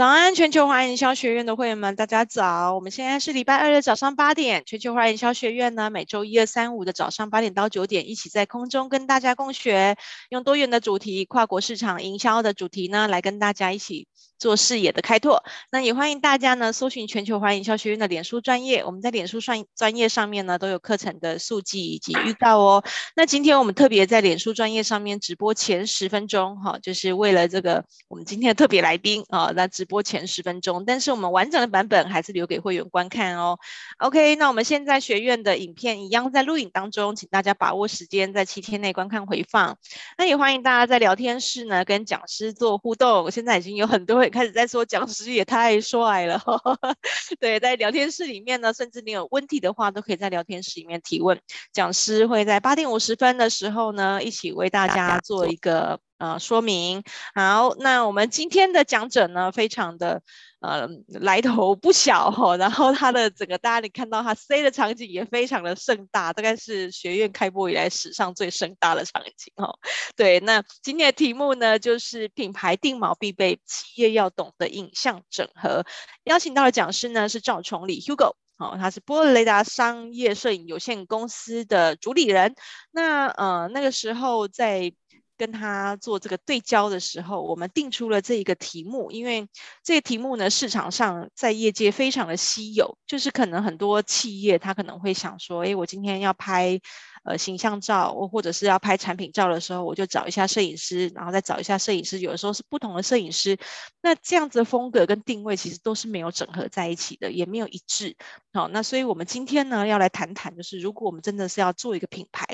早安，全球化營銷學院的會員們，大家早！我們現在是禮拜二的早上八點。全球化營銷學院呢，每週一、二、三、五的早上八點到九點，一起在空中跟大家共學，用多元的主題，跨國市場營銷的主題呢，來跟大家一起做視野的開拓。那也歡迎大家呢，搜尋全球化營銷學院的臉書專頁。我們在臉書專專頁上面呢，都有課程的速記以及預告哦。那今天我們特別在臉書專頁上面直播前十分鐘，哈，就是為了這個我們今天的特別來賓啊，那直。播前十分鐘，但是我們完整的版本還是留給會員觀看哦。OK，那我們現在學院的影片一樣在錄影當中，請大家把握時間，在七天內觀看回放。那也歡迎大家在聊天室呢跟講師做互動。現在已經有很多人開始在說，講師也太帥了。 對，在聊天室裡面呢，甚至你有問題的話，都可以在聊天室裡面提問。講師會在八點五十分的時候呢，一起為大家做一個。呃，說明好，那我們今天的講者呢，非常的呃來頭不小哈、哦。然後他的整個大家你看到他 c 的場景也非常的盛大，大概是學院開播以來史上最盛大的場景哈、哦。對，那今天的題目呢，就是品牌定錨必備，企業要懂的影像整合。邀請到的講師呢是趙崇禮 Hugo，好、哦，他是播鵝鐳達商業攝影有限公司的主理人。那呃那個時候在。跟他做這個對焦的時候，我們定出了這一個題目，因為這個題目呢，市場上在業界非常的稀有，就是可能很多企業他可能會想說，哎，我今天要拍。呃，形象照我或者是要拍產品照的時候，我就找一下攝影師，然後再找一下攝影師，有的時候是不同的攝影師。那這樣子的風格跟定位其實都是沒有整合在一起的，也沒有一致。好、哦，那所以我們今天呢要來談談，就是如果我們真的是要做一個品牌，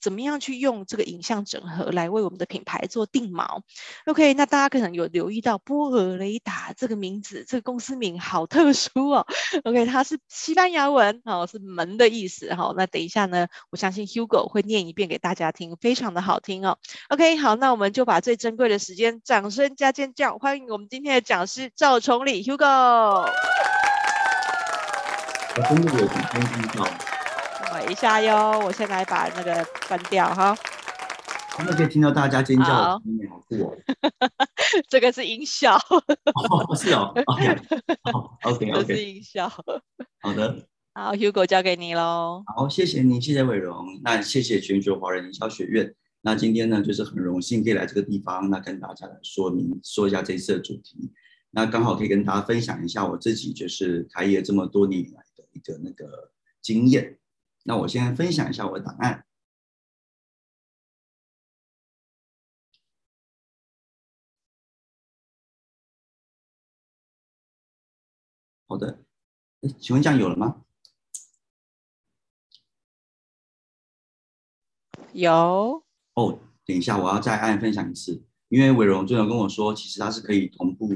怎麼樣去用這個影像整合來為我們的品牌做定錨。OK，那大家可能有留意到“播鵝鐳達”這個名字，這個公司名好特殊哦。OK，它是西班牙文，好、哦，是門的意思。好、哦，那等一下呢，我相信。Hugo 會念一遍給大家聽，非常的好聽哦。OK，好，那我們就把最珍貴的時間，掌聲加尖叫，歡迎我們今天的講師趙崇禮 Hugo。我、哦、真的有很震驚到。等一下喲，我先來把那個關掉哈。真的可以聽到大家尖叫，好、嗯、好酷哦！ 這個是音效。不、哦、是哦，OK，好、哦 哦 哦、 是音效。 好的。好，Hugo 交給你嘍。好，謝謝您，謝謝偉榮。那謝謝全球華人營銷學院。那今天呢，就是很榮幸可以來這個地方，那跟大家來說明說一下這一次的主題。那剛好可以跟大家分享一下我自己就是開業這麼多年以來的一個那個經驗。那我先分享一下我的檔案。好的。哎，請問這樣有了嗎？有哦，oh, 等一下，我要再按分享一次，因為偉榮最後跟我說，其實它是可以同步，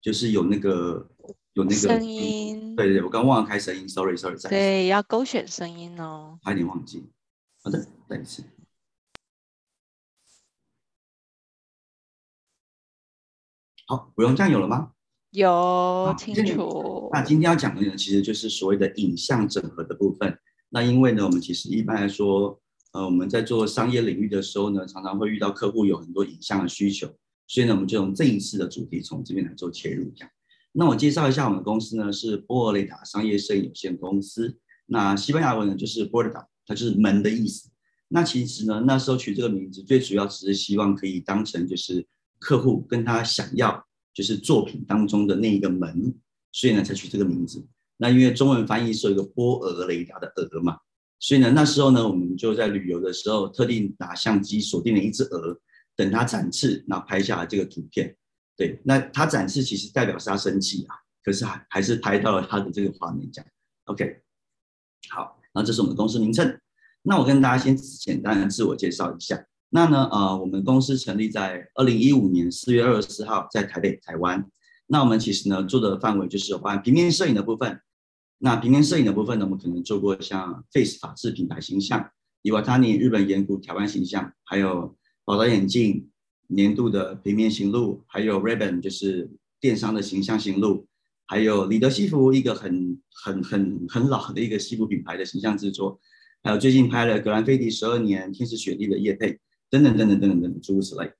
就是有那個有那個聲音。對對,對，我剛忘了開聲音，sorry sorry，對，要勾選聲音哦，差點忘記，好的，再一次。好、oh,，偉榮，這樣有了嗎？有、ah, 聽清楚。Yeah, 那今天要講的呢，其實就是所謂的影像整合的部分。那因為呢，我們其實一般來說。呃，我們在做商業領域的時候呢，常常會遇到客戶有很多影像的需求，所以呢，我們就用這一次的主題從這邊來做切入一下。那我介紹一下我們的公司呢，是播鵝鐳達商業攝影有限公司。那西班牙文呢，就是 Portada，它就是門的意思。那其實呢，那時候取這個名字最主要只是希望可以當成就是客戶跟他想要就是作品當中的那一個門，所以呢才取這個名字。那因為中文翻譯是一個播鵝鐳達的“鵝”嘛。所以呢，那時候呢，我們就在旅遊的時候，特地拿相機鎖定了一隻鵝，等它展翅，然後拍下了這個圖片。對，那它展翅其實代表是它生氣啊，可是還還是拍到了它的這個畫面這樣。講，OK，好，然後這是我們的公司名稱。那我跟大家先簡單的自我介紹一下。那呢，呃，我們公司成立在二零一五年四月二十四號，在台北台灣。那我們其實呢做的範圍就是有關平面攝影的部分。那平面攝影的部分呢，我們可能做過像 Face 法製品牌形象、伊萬塔尼日本岩谷台灣形象，還有寶島眼鏡年度的平面型錄，還有 Rayban 就是電商的形象型錄，還有里德西服一個很很很很老的一個西服品牌的形象制作，還有最近拍了格蘭菲迪十二年天使雪莉的業配等等等等等等等等諸如此類。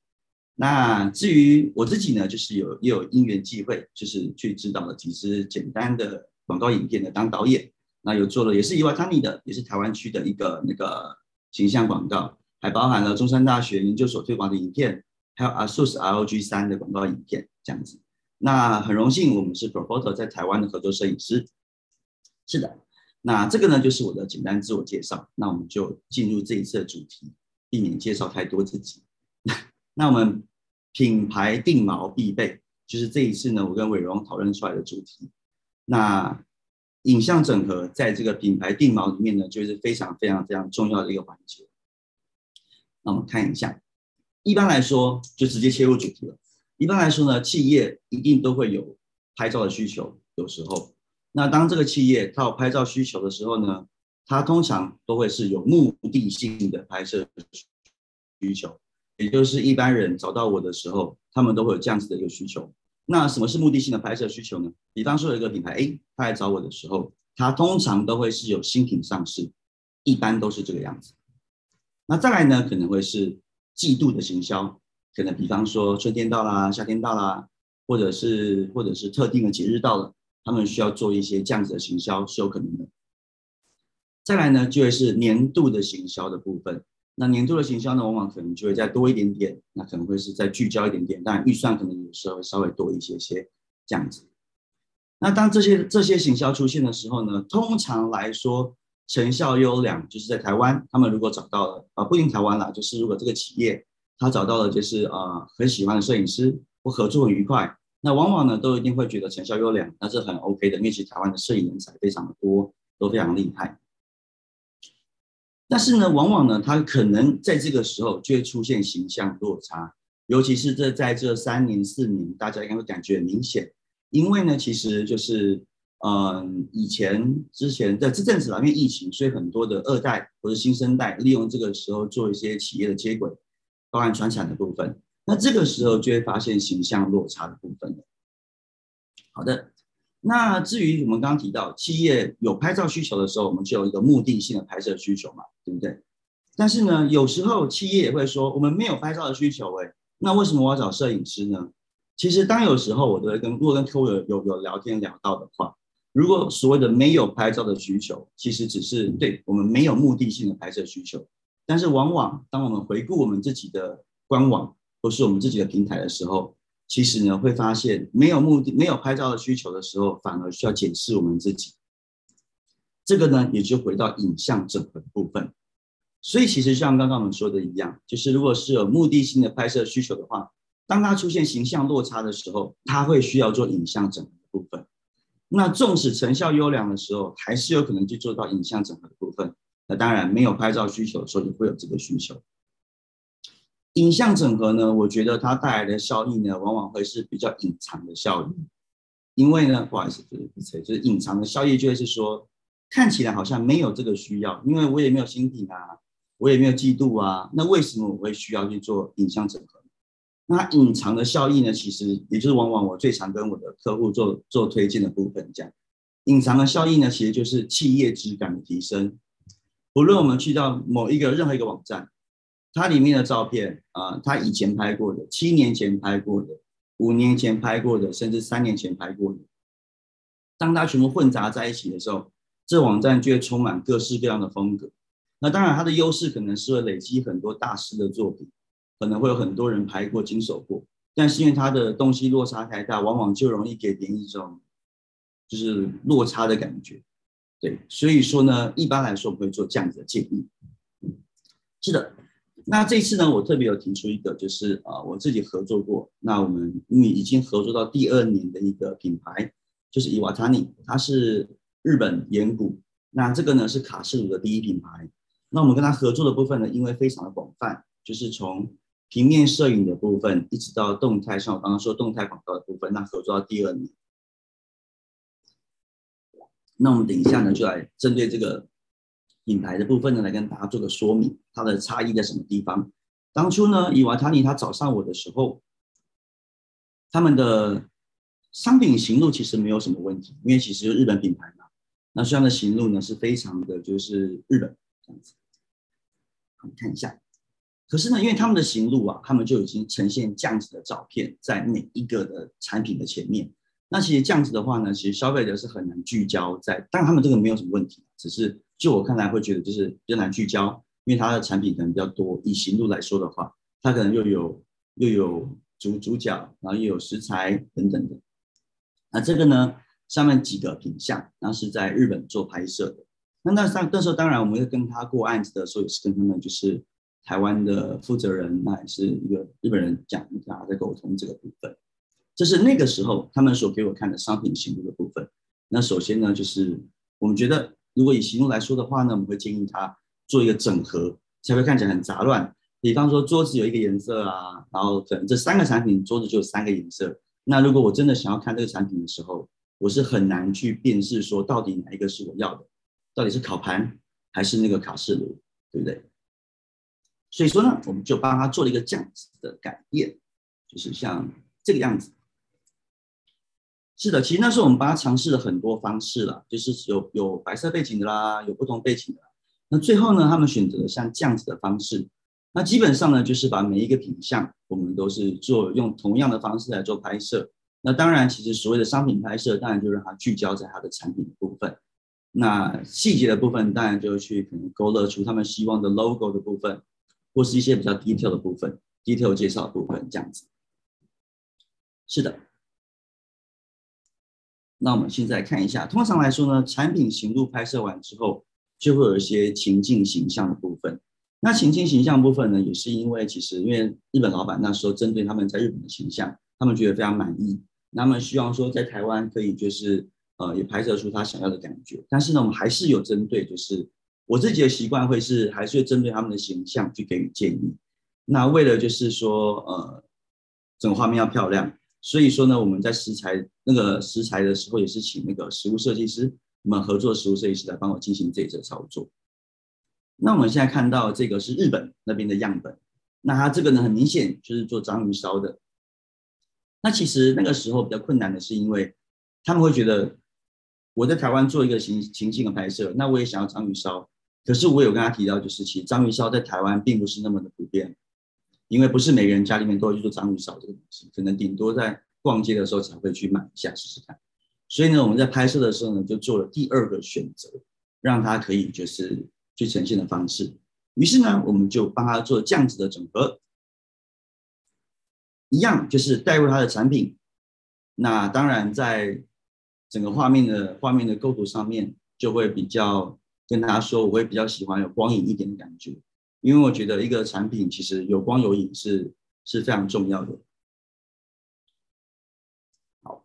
那至於我自己呢，就是有也有因緣際會，就是去指導了幾支簡單的，廣告影片的當導演，那有做了也是以外丹尼的，也是台灣區的一個那個形象廣告，還包含了中山大學研究所推廣的影片，還有 ASUS ROG 三的廣告影片這樣子。那很榮幸，我們是 Proporter 在台灣的合作攝影師。是的，那這個呢就是我的簡單自我介紹。那我們就進入這一次的主題，避免介紹太多自己。 那我們品牌定錨必備，就是這一次呢，我跟偉榮討論出來的主題。那影像整合在這個品牌定錨裡面呢，就是非常非常非常重要的一個環節。那我們看一下，一般來說就直接切入主題了。一般來說呢，企業一定都會有拍照的需求。有時候，那當這個企業它有拍照需求的時候呢，它通常都會是有目的性的拍攝需求，也就是一般人找到我的時候，他們都會有這樣子的一個需求。那什麼是目的性的拍攝需求呢？比方說有一個品牌，哎，他來找我的時候，他通常都會是有新品上市，一般都是這個樣子。那再來呢，可能會是季度的行銷，可能比方說春天到了，夏天到了，或者是或者是特定的節日到了，他們需要做一些這樣子的行銷，是有可能的。再來呢，就會是年度的行銷的部分。那年度的行銷呢，往往可能就會再多一點點，那可能會是再聚焦一點點，但預算可能有時候會稍微多一些些這樣子。那當這些這些行銷出現的時候呢，通常來說成效優良，就是在台灣，他們如果找到了啊，不一定台灣啦，就是如果這個企業他找到了就是啊、呃、很喜歡的攝影師，或合作很愉快，那往往呢都一定會覺得成效優良，那是很 OK 的。因為其實台灣的攝影人才非常的多，都非常厲害。但是呢，往往呢，他可能在這個時候就會出現形象落差，尤其是這在這三年四年，大家應該會感覺明顯，因為呢，其實就是，嗯，以前之前的這陣子啦，因為疫情，所以很多的二代或者新生代利用這個時候做一些企業的接軌、包含傳產的部分，那這個時候就會發現形象落差的部分。好的。那至於我們剛剛提到企業有拍照需求的時候，我們就有一個目的性的拍攝需求嘛，對不對？但是呢，有時候企業也會說我們沒有拍照的需求，欸，哎，那為什麼我要找攝影師呢？其實當有時候我都會跟如果跟客戶有有，有聊天聊到的話，如果所謂的沒有拍照的需求，其實只是對我們沒有目的性的拍攝需求，但是往往當我們回顧我們自己的官網或是我們自己的平台的時候。其實呢，會發現沒有目的、沒有拍照的需求的時候，反而需要檢視我們自己。這個呢，也就回到影像整合的部分。所以，其實像剛剛我們說的一樣，就是如果是有目的性的拍攝需求的話，當它出現形象落差的時候，它會需要做影像整合的部分。那縱使成效優良的時候，還是有可能去做到影像整合的部分。那當然，沒有拍照需求的時候，也會有這個需求。影像整合呢，我覺得它帶來的效益呢，往往會是比較隱藏的效益，因為呢，不好意思，就是、就是、隱藏的效益，就是說看起來好像沒有這個需要，因為我也沒有新品啊，我也沒有季度啊，那為什麼我會需要去做影像整合？那隱藏的效益呢，其實也就是往往我最常跟我的客戶做做推薦的部分這樣，隱藏的效益呢，其實就是企業質感的提升，不論我們去到某一個任何一個網站。它裡面的照片啊，他、呃、以前拍過的，七年前拍過的，五年前拍過的，甚至三年前拍過的，當它全部混雜在一起的時候，這網站就會充滿各式各樣的風格。那當然，它的優勢可能是會累積很多大師的作品，可能會有很多人拍過、經手過，但是因為它的東西落差太大，往往就容易給別人一種就是落差的感覺。對，所以說呢，一般來說，我會做這樣子的建議，是的。那這次呢，我特別有提出一個，就是啊、呃，我自己合作過。那我們因為已經合作到第二年的一個品牌，就是伊瓦塔尼，它是日本岩谷。那這個呢是卡式爐的第一品牌。那我們跟他合作的部分呢，因為非常的廣泛，就是從平面攝影的部分，一直到動態，像我剛剛說動態廣告的部分，那合作到第二年。那我們等一下呢，就來針對這個。品牌的部分呢，來跟大家做個說明，它的差異在什麼地方？當初呢，伊瓦塔尼他找上我的時候，他們的商品行路其實沒有什麼問題，因為其實就日本品牌嘛，那這樣的行路呢是非常的，就是日本這樣子。看一下。可是呢，因為他們的行路啊，他們就已經呈現這樣子的照片在每一個的產品的前面。那其實這樣子的話呢，其實消費者是很難聚焦在，但他們這個沒有什麼問題，只是。就我看來，會覺得就是比較難聚焦，因為它的產品可能比較多。以行路來說的話，它可能又有又有主主角，然後又有食材等等的。那這個呢，上面幾個品項，當時是在日本做拍攝的。那那上那時候，當然我們會跟他過案子的時候，也是跟他們就是台灣的負責人，那也是一個日本人講一下，在溝通這個部分。這、就是那個時候他們所給我看的商品行路的部分。那首先呢，就是我們覺得。如果以形容來說的話呢，我們會建議他做一個整合，才會看起來很雜亂。比方說桌子有一個顏色啊，然後整這三個產品，桌子就有三個顏色。那如果我真的想要看這個產品的時候，我是很難去辨識說到底哪一個是我要的，到底是烤盤還是那個卡式爐，對不對？所以說呢，我們就幫他做了一個這樣子的改變，就是像這個樣子。是的，其實那時候我們幫他嘗試了很多方式啦，就是有有白色背景的啦，有不同背景的啦。那最後呢，他們選擇了像這樣子的方式。那基本上呢，就是把每一個品項，我們都是做用同樣的方式來做拍攝。那當然，其實所謂的商品拍攝，當然就讓它聚焦在它的產品的部分。那細節的部分，當然就去可能勾勒出他們希望的 logo 的部分，或是一些比較 detail 的部分，detail 介紹的部分這樣子。是的。那我們現在看一下，通常來說呢，產品型錄拍攝完之後，就會有一些情境形象的部分。那情境形象部分呢，也是因為其實因為日本老板那時候針對他們在日本的形象，他們覺得非常滿意，那他們希望說在台灣可以就是呃也拍攝出他想要的感覺。但是呢，我們還是有針對，就是我自己的習慣會是還是會針對他們的形象去給予建議。那為了就是說呃，整個畫面要漂亮。所以說呢，我們在食材那個食材的時候，也是請那個食物設計師，我們合作食物設計師來幫我進行這一次的操作。那我們現在看到這個是日本那邊的樣本，那他這個呢，很明顯就是做章魚燒的。那其實那個時候比較困難的是，因為他們會覺得我在台灣做一個情情境的拍攝，那我也想要章魚燒，可是我有跟他提到，就是其實章魚燒在台灣並不是那麼的普遍。因為不是每個人家裡面都會去做章魚燒這個東西，可能頂多在逛街的時候才會去買一下試試看。所以呢，我們在拍攝的時候呢，就做了第二個選擇，讓他可以就是去呈現的方式。於是呢，我們就幫他做這樣子的整合，嗯、一樣就是帶入他的產品。那當然，在整個畫面的畫面的構圖上面，就會比較跟他說，我會比較喜歡有光影一點的感覺。因為我覺得一個產品其實有光有影是是非常重要的。好，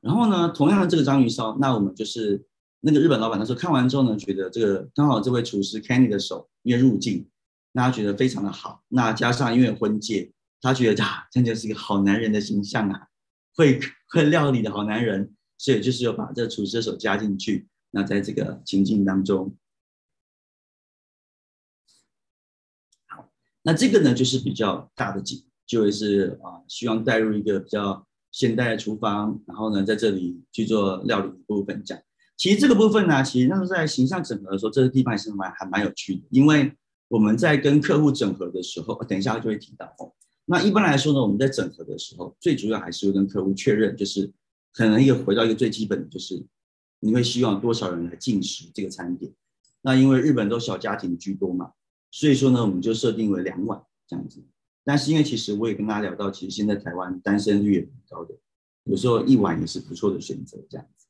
然後呢，同樣的這個章魚燒，那我們就是那個日本老闆他說看完之後呢，覺得這個剛好這位廚師 Kenny 的手，因為入鏡，大家覺得非常的好。那加上因為婚戒，他覺得啊，這樣就是一個好男人的形象啊，會會料理的好男人，所以就是要把這廚師的手加進去。那在這個情境當中。那這個呢，就是比較大的景，就會是啊，希望帶入一個比較現代的廚房，然後呢，在這裡去做料理的部分這樣，其實這個部分呢、啊，其實那麼在形象整合的時候，這個地方還是蠻還蠻有趣的，因為我們在跟客戶整合的時候，等一下就會提到、哦。那一般來說呢，我們在整合的時候，最主要還是會跟客戶確認，就是可能又回到一個最基本的，就是你會希望多少人來進食這個餐點？那因為日本都小家庭居多嘛。所以說呢，我們就設定為兩碗這樣子。但是因為其實我也跟大家聊到，其實現在台灣單身率也很高的，有時候一碗也是不錯的選擇，這樣子。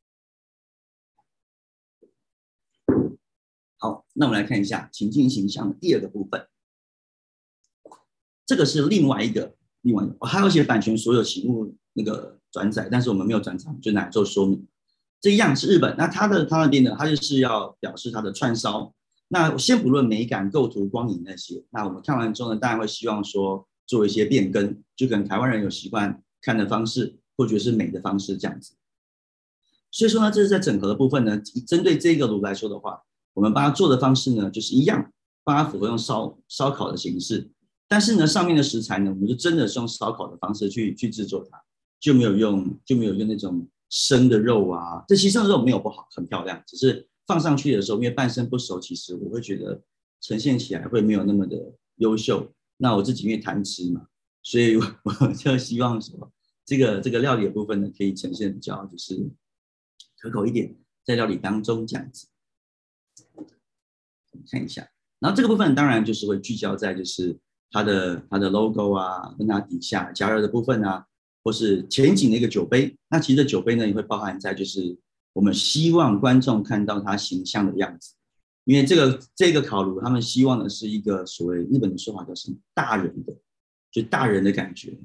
好，那我們來看一下情境形象的第二個部分。這個是另外一個，另外一個，我、哦、還版權所有，請勿那個轉載，但是我們沒有轉載，就拿來做說明。這一樣是日本，那他的他那邊呢，他就是要表示他的串燒。那先不論美感、構圖、光影那些，那我們看完之後呢，當然會希望說做一些變更，就跟台灣人有習慣看的方式，或者是美的方式這樣子。所以說呢，這是在整合的部分呢。針對這個爐來說的話，我們幫他做的方式呢，就是一樣，幫他符合用燒燒烤的形式。但是呢，上面的食材呢，我們就真的是用燒烤的方式去去製作它，就沒有用就沒有用那種生的肉啊。這其實肉沒有不好，很漂亮，只是。放上去的時候，因為半生不熟，其實我會覺得呈現起來會沒有那麼的優秀。那我自己因為貪吃嘛，所以我就希望說，這個這個料理的部分呢，可以呈現比較就是可口一點，在料理當中這樣子。看一下，然後這個部分當然就是會聚焦在就是它的它的 logo 啊，跟它底下加熱的部分啊，或是前景的一個酒杯。那其實酒杯呢也會包含在就是。我們希望觀眾看到他形象的樣子，因為這個這個烤爐，他們希望的是一個所謂日本的說法叫什麼“大人的”，就大人的感覺。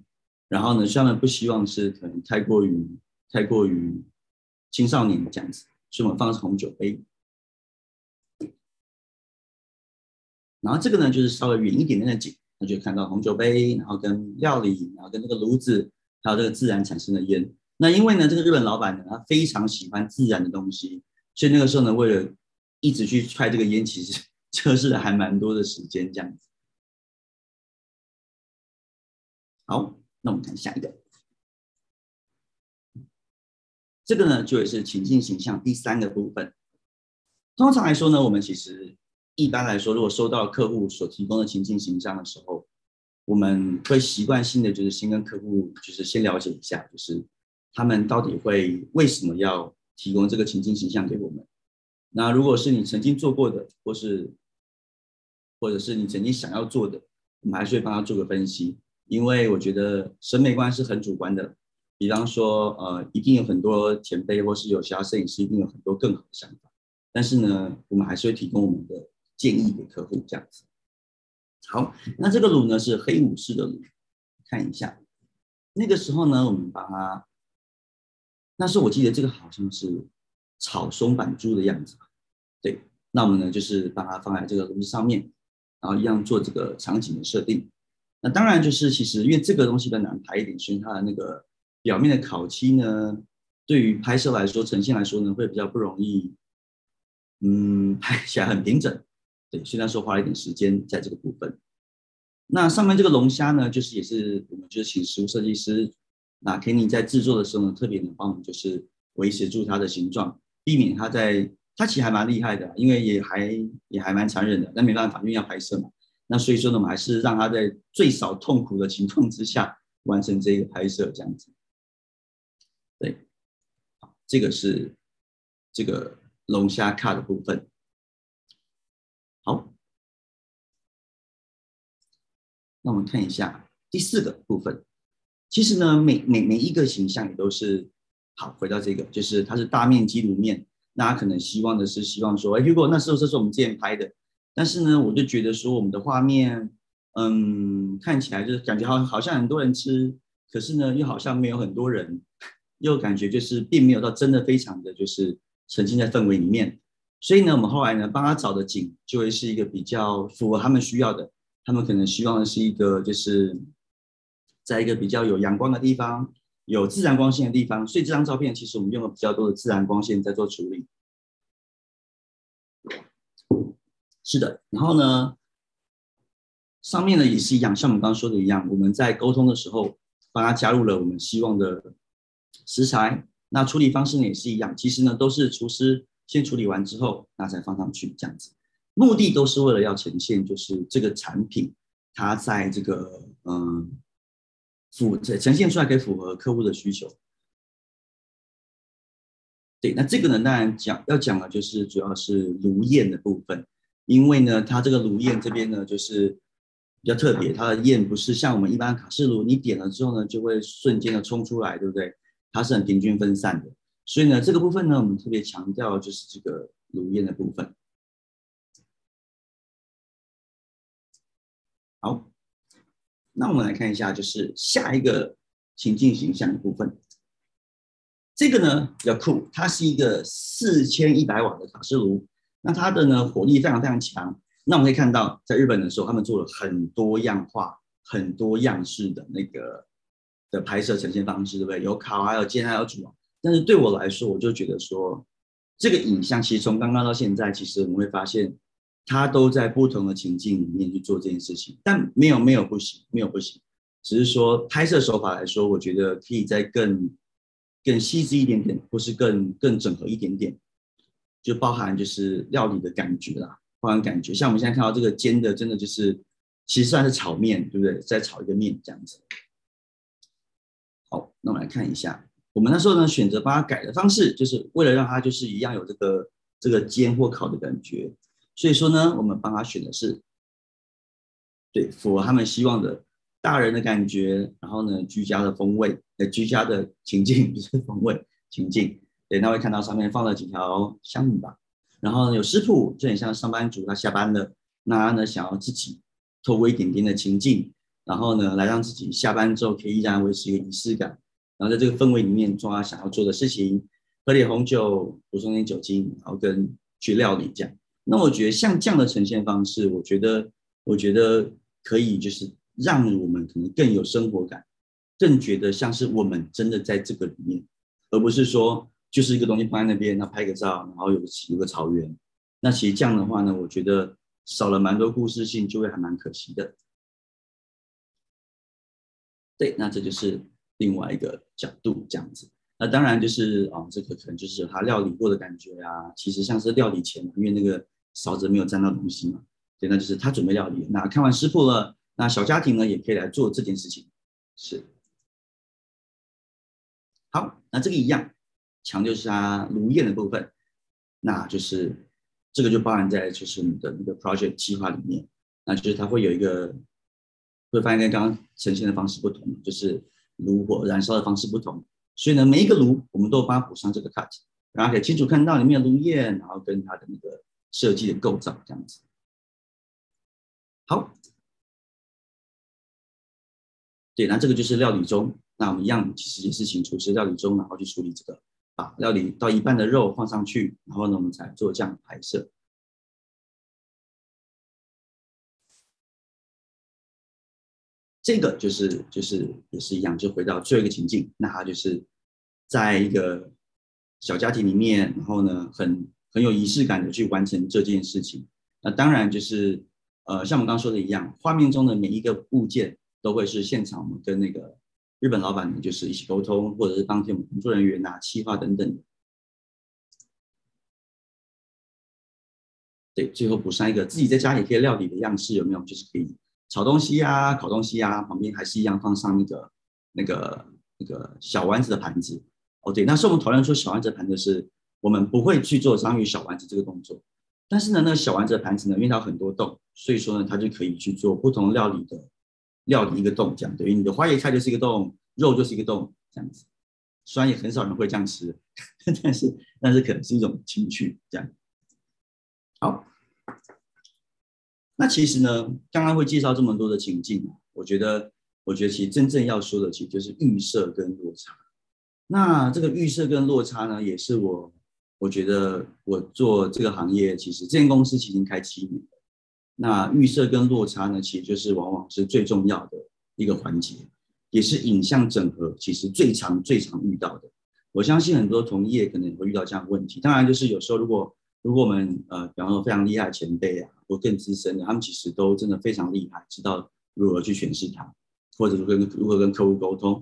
然後呢，上面不希望是可能太過於太過於青少年這樣子，所以我們放的是紅酒杯。然後這個呢，就是稍微遠一點點的景，那就看到紅酒杯，然後跟料理，然後跟那個爐子，還有這個自然產生的煙。那因為呢，這個日本老闆呢，他非常喜歡自然的東西，所以那個時候呢，為了一直去拍這個煙，其實測試了還蠻多的時間這樣子。好，那我們看下一個，這個呢，就也是情境形象第三個部分。通常來說呢，我們其實一般來說，如果收到客戶所提供的情境形象的時候，我們會習慣性的就是先跟客戶就是先了解一下，就是。他們到底會為什麼要提供這個情境形象給我們？那如果是你曾經做過的，或是或者是你曾經想要做的，我們還是會幫他做個分析。因為我覺得審美觀是很主觀的，比方說，呃，一定有很多前輩或是有其他攝影師一定有很多更好的想法，但是呢，我們還是會提供我們的建議給客戶這樣子。好，那這個滷呢是黑武士的滷，看一下，那個時候呢，我們把它。但是我記得這個好像是炒松阪豬的樣子，對。那我們呢就是把它放在這個東西上面，然後一樣做這個場景的設定。那當然就是其實因為這個東西比較難拍一點，所以它的那個表面的烤漆呢，對於拍攝來說、呈現來說呢，會比較不容易，嗯，拍起來很平整。對，雖然說花了一點時間在這個部分。那上面這個龍蝦呢，就是也是我們就請食物設計師。那 Kenny 在製作的時候呢，特別能幫我們，就是維持住它的形狀，避免它在，它其實還蠻厲害的，因為也還也還蠻殘忍的，但沒辦法，因為要拍攝嘛。那所以說呢，我們還是讓它在最少痛苦的情況之下完成這個拍攝，這樣子。對，好，這個是這個龍蝦卡的部分。好，那我們看一下第四個部分。其實呢，每每每一個形象也都是好，回到這個，就是它是大面積露面，那他可能希望的是希望說，哎、欸，如果那時候這是我們之前拍的，但是呢，我就覺得說我們的畫面，嗯，看起來就是感覺好好像很多人吃，可是呢，又好像沒有很多人，又感覺就是並沒有到真的非常的就是沉浸在氛圍裡面。所以呢，我們後來呢幫他找的景就會是一個比較符合他們需要的，他們可能希望的是一個就是。在一個比較有陽光的地方，有自然光線的地方，所以這張照片其實我們用了比較多的自然光線在做處理。是的，然後呢，上面呢也是一樣，像我們剛剛說的一樣，我們在溝通的時候，幫他加入了我們希望的食材。那處理方式呢也是一樣，其實呢都是廚師先處理完之後，那才放上去，這樣子。目的都是為了要呈現，就是這個產品它在這個嗯。符呈現出來，可以符合客戶的需求，對。那這個呢，當然講要講的就是主要是爐焰的部分，因為呢，它這個爐焰這邊呢，就是比較特別，它的焰不是像我們一般的卡式爐，你點了之後呢，就會瞬間的衝出來，對不對？它是很平均分散的，所以呢，這個部分呢，我們特別強調就是這個爐焰的部分，好。那我們來看一下，就是下一個情境形象的部分。這個呢，比較酷，它是一個四千一百瓦的卡式爐。那它的呢，火力非常非常強。那我們可以看到，在日本的時候，他們做了很多樣化、很多樣式的那個的拍攝呈現方式，對不對？有烤，還有煎，還有煮。但是對我來說，我就覺得說，這個影像其實從剛剛到現在，其實我們會發現。他都在不同的情境裡面去做這件事情，但沒有沒有不行，沒有不行，只是說拍攝手法來說，我覺得可以再更更細緻一點點，或是更更整合一點點，就包含就是料理的感覺啦，包含感覺，像我們現在看到這個煎的，真的就是其實算是炒麵，對不對？再炒一個麵這樣子。好，那我們來看一下，我們那時候呢選擇幫他改的方式，就是為了讓它就是一樣有這個這個煎或烤的感覺。所以說呢，我們幫他選的是，對，符合他們希望的大人的感覺，然後呢，居家的風味，呃，居家的情境不是風味，情境。對，那會看到上面放了幾條香米吧，然後呢有食譜，就很像上班族他下班了，那他呢想要自己透過一點點的情境，然後呢來讓自己下班之後可以依然維持一個儀式感，然後在這個氛圍裡面做他想要做的事情，喝點紅酒，補充點酒精，然後跟去料理這樣。那我覺得像這樣的呈現方式，我覺得我覺得可以，就是讓我們可能更有生活感，更覺得像是我們真的在這個裡面，而不是說就是一個東西放在那邊，那拍個照，然後有個有個草原。那其實這樣的話呢，我覺得少了蠻多故事性，就會還蠻可惜的。對，那這就是另外一個角度這樣子。那當然就是哦，這個可，可能就是他料理過的感覺啊，其實像是料理前，因為那個。勺子沒有沾到東西嘛？所以呢，就是他準備料理。那看完師傅了，那小家庭呢也可以來做這件事情。是，好，那這個一樣，牆就是他、啊、爐焰的部分，那就是這個就包含在就是你的那個 project 計劃裡面。那就是他會有一個，會發現跟剛剛呈現的方式不同，就是爐火燃燒的方式不同。所以呢，每一個爐我們都把它補上這個 cut，然後可以清楚看到裡面的爐焰，然後跟它的那個。設計的構造這樣子，好，對，那這個就是料理中，那我們一樣其實也是請廚師料理中，然後去處理這個，把料理到一半的肉放上去，然後呢，我們才做這樣拍攝。這個就是就是也是一樣，就回到最後一個情境，那他就是在一個小家庭裡面，然後呢，很。很有儀式感的去完成這件事情。那當然就是，呃，像我們剛，剛說的一樣，畫面中的每一個物件都會是現場我們跟那個日本老板就是一起溝通，或者是當天我們工作人員啊、企劃等等。對，最後補上一個自己在家裡可以料理的樣式，有沒有？就是可以炒東西呀、啊、烤東西呀、啊，旁邊還是一樣放上那個、那個、那個小丸子的盤子。哦，對，那是我們討論說小丸子的盤子是。我們不會去做章魚小丸子這個動作，但是呢，那個小丸子的盤子呢，因為它有很多洞，所以說呢，它就可以去做不同料理的料理一個洞這樣。對於你的花椰菜就是一個洞，肉就是一個洞這樣子。雖然也很少人會這樣吃，但是但是可能是一種情趣這樣。好，那其實呢，剛剛會介紹這麼多的情境，我覺得我覺得其實真正要說的，其實就是預設跟落差。那這個預設跟落差呢，也是我。我覺得我做這個行業，其實這間公司其實已經開七年了。那預設跟落差呢，其實就是往往是最重要的一個環節，也是影像整合其實最常、最常遇到的。我相信很多同業可能也會遇到這樣的問題。當然，就是有時候如果如果我們呃，比方說非常厲害的前輩啊，或更資深的，他們其實都真的非常厲害，知道如何去詮釋它，或者如何如何跟客戶溝通。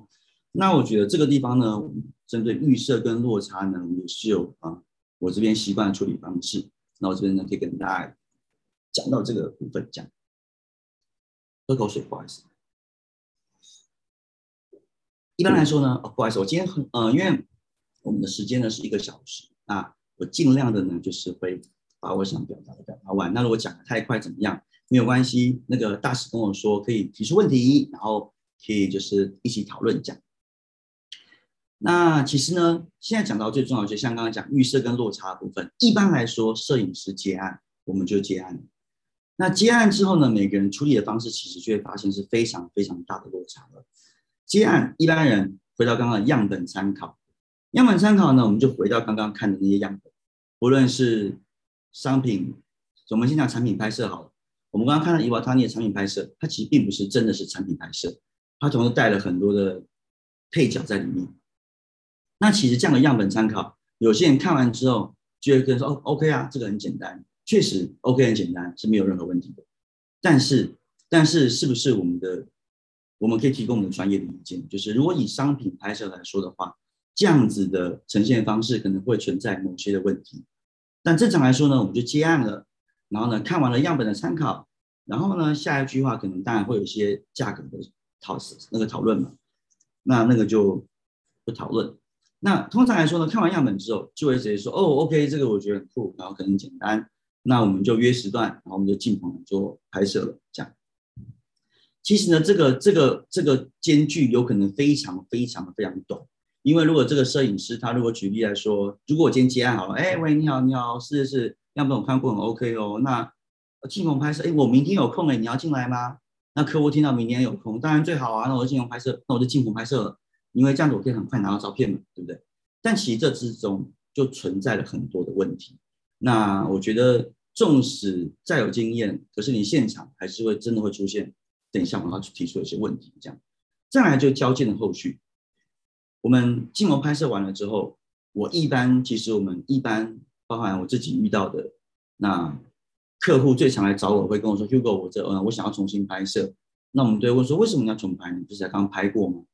那我覺得這個地方呢，針對預設跟落差呢，也是有啊。我這邊習慣處理方式，那我這邊呢，可以跟大家講到這個部分講，喝口水不好意思。一般來說呢，哦，不好意思，我今天很呃，因為我們的時間呢是一個小時啊，那我盡量的呢就是會把我想表達的表達完。那如果講得太快怎麼樣？沒有關係，那個大使跟我說可以提出問題，然後可以就是一起討論講。那其實呢，現在講到最重要，就像剛剛講預設跟落差的部分。一般來說，攝影師接案，我們就接案了。那接案之後呢，每個人處理的方式，其實就會發現是非常非常大的落差了。接案，一般人回到剛剛的樣本參考，樣本參考呢，我們就回到剛剛看的那些樣本，不論是商品，我們先講產品拍攝好了。我們剛剛看到伊娃湯尼的產品拍攝，它其實並不是真的是產品拍攝，它總是帶了很多的配角在裡面。那其實這樣的樣本參考，有些人看完之後就會跟說哦，OK 啊，這個很簡單，確實 OK 很簡單，是沒有任何問題的。但是，但是是不是我們的我們可以提供我們的專業的意見？就是如果以商品拍攝來說的話，這樣子的呈現方式可能會存在某些的問題。但正常來說呢，我們就接案了，然後呢，看完了樣本的參考，然後呢，下一句話可能當然會有一些價格的討那個討論嘛，那那個就不討論。那通常來說呢，看完樣本之後，就會直接說：“哦，OK，這個我覺得很酷，然後可能簡單，那我們就約時段，然後我們就進棚做拍攝了。”這樣。其實呢，這個、這個、這個間距有可能非常、非常、非常短。因為如果這個攝影師他如果舉例來說，如果我今天接案好了，哎、欸，喂，你好，你好，是是是，樣本我看過很 OK 哦，那進棚拍攝，哎、欸，我明天有空、欸，哎，你要進來嗎？那客戶聽到明天有空，當然最好啊，那我就進棚拍攝，那我就進棚拍攝了。因為這樣子我可以很快拿到照片嘛，對不對？但其實這之中就存在了很多的問題。那我覺得，縱使再有經驗，可是你現場還是會真的會出現。等一下我要去提出一些問題，這樣。再來就交件的後續，我們鏡頭拍攝完了之後，我一般其實我們一般，包含我自己遇到的那客戶最常來找我會跟我說：“ Hugo，我這、哦、我想要重新拍攝。”那我們對，問說：“為什麼你要重拍呢？你不是才剛拍過嗎？”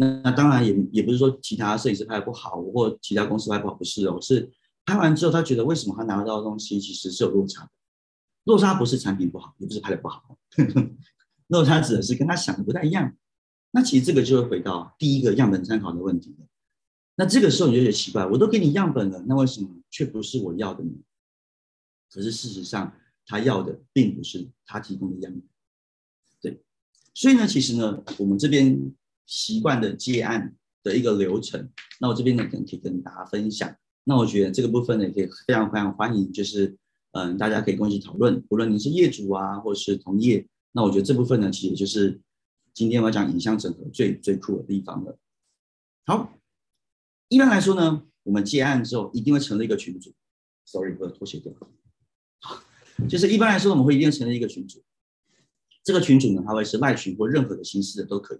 那當然也也不是說其他攝影師拍的不好，或其他公司拍不好不是哦，是拍完之後他覺得為什麼他拿得到的東西其實是有落差的，落差不是產品不好，也不是拍的不好，落差指的是跟他想的不太一樣。那其實這個就會回到第一個樣本參考的問題。那這個時候你就覺得奇怪，我都給你樣本了，那為什麼卻不是我要的呢？可是事實上，他要的並不是他提供的樣本。對，所以呢，其實呢，我們這邊。習慣的接案的一個流程，那我這邊呢也可,可以跟大家分享。那我覺得這個部分呢也可以非常非常歡迎，就是嗯、呃、大家可以跟我一起討論，無論你是業主啊，或是同業。那我覺得這部分呢，其實就是今天我要講影像整合最最酷的地方了。好，一般來說呢，我們接案之後一定會成立一個群組。Sorry，我的拖鞋掉了。就是一般來說，我們會一定成立一個群組，這個群組呢，它會是外群或任何的形式的都可以。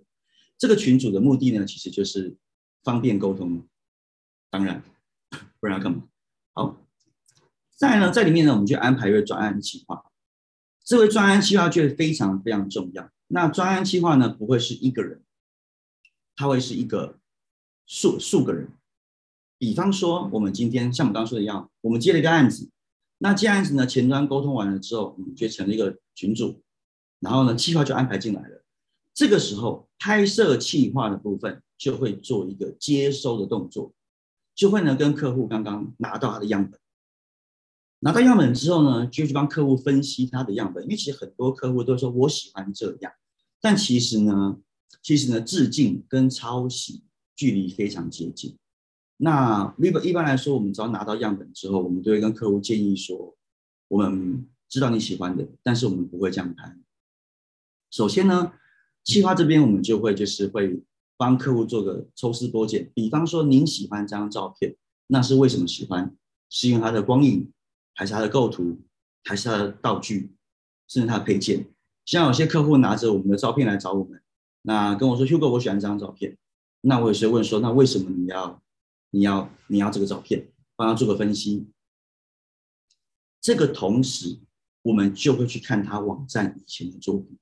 這個群組的目的呢，其實就是方便溝通，當然，不然要幹嘛？好，再呢，在裡面呢，我們就安排一個專案企劃。這位專案企劃就非常非常重要。那專案企劃呢，不會是一個人，他會是一個數數個人。比方說，我們今天像我們剛說的一樣，我們接了一個案子，那接案子呢，前端溝通完了之後，我們就成立一個群組，然後呢，企劃就安排進來了。這個時候，拍攝企劃的部分就會做一個接收的動作，就會呢跟客戶剛剛拿到他的樣本，拿到樣本之後呢，就去幫客戶分析他的樣本。因為其實很多客戶都說我喜歡這樣，但其實呢，其實呢，致敬跟抄襲距離非常接近。那如果一般來說，我們只要拿到樣本之後，我們都會跟客戶建議說，我們知道你喜歡的，但是我們不會這樣拍。首先呢。企劃這邊我們就會就是會幫客戶做個抽絲剝繭，比方說，您喜歡這張照片，那是為什麼喜歡？是因為它的光影，還是它的構圖，還是它的道具，甚至它的配件？像有些客戶拿着我們的照片來找我們，那跟我說 Hugo 我喜歡這張照片，那我有些問說，那為什麼你要你要你要這個照片？幫他做個分析。這個同時我們就會去看他網站以前的作品。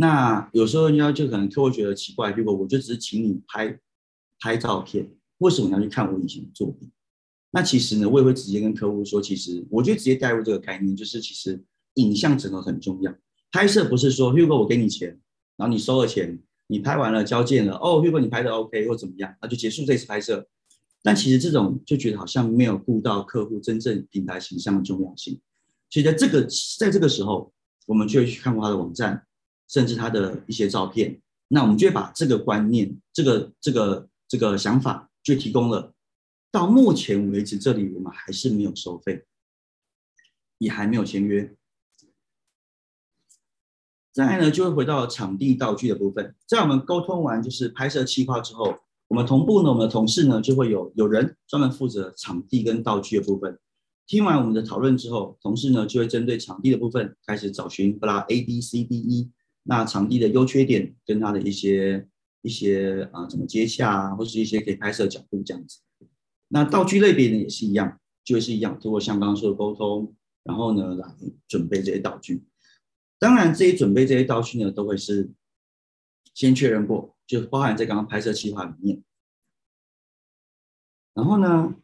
那有時候你要就可能客戶覺得奇怪，如果我就只是請你拍，拍照片，為什麼你要去看我以前的作品？那其實呢，我也會直接跟客戶說，其實我就直接帶入這個概念，就是其實影像整合很重要。拍攝不是說，如果我給你錢，然後你收了錢，你拍完了，交件了，哦，如果你拍的 OK 或怎麼樣，那就結束這次拍攝。但其實這種就覺得好像沒有顧到客戶真正品牌形象的重要性。其實在這個在這個時候，我們就會去看過他的網站。甚至他的一些照片，那我們就把這個觀念、這個、這個、這個想法，就提供了。到目前為止，這裡我們還是沒有收費，也還沒有簽約。然後呢，就會回到場地道具的部分。在我們溝通完就是拍攝計劃之後，我們同步呢，我們的同事呢就會有有人專門負責場地跟道具的部分。聽完我們的討論之後，同事呢就會針對場地的部分開始找尋，布拉 A、B、C、D、E。那場地的優缺點，跟它的一些一些啊，怎麼接洽啊，或是一些可以拍攝角度這樣子。那道具類別呢也是一樣，就會是一樣，通過像剛剛說的溝通，然後呢來準備這些道具。當然，這些準備這些道具呢，都會是先確認過，就包含在剛剛拍攝計劃裡面。然後呢，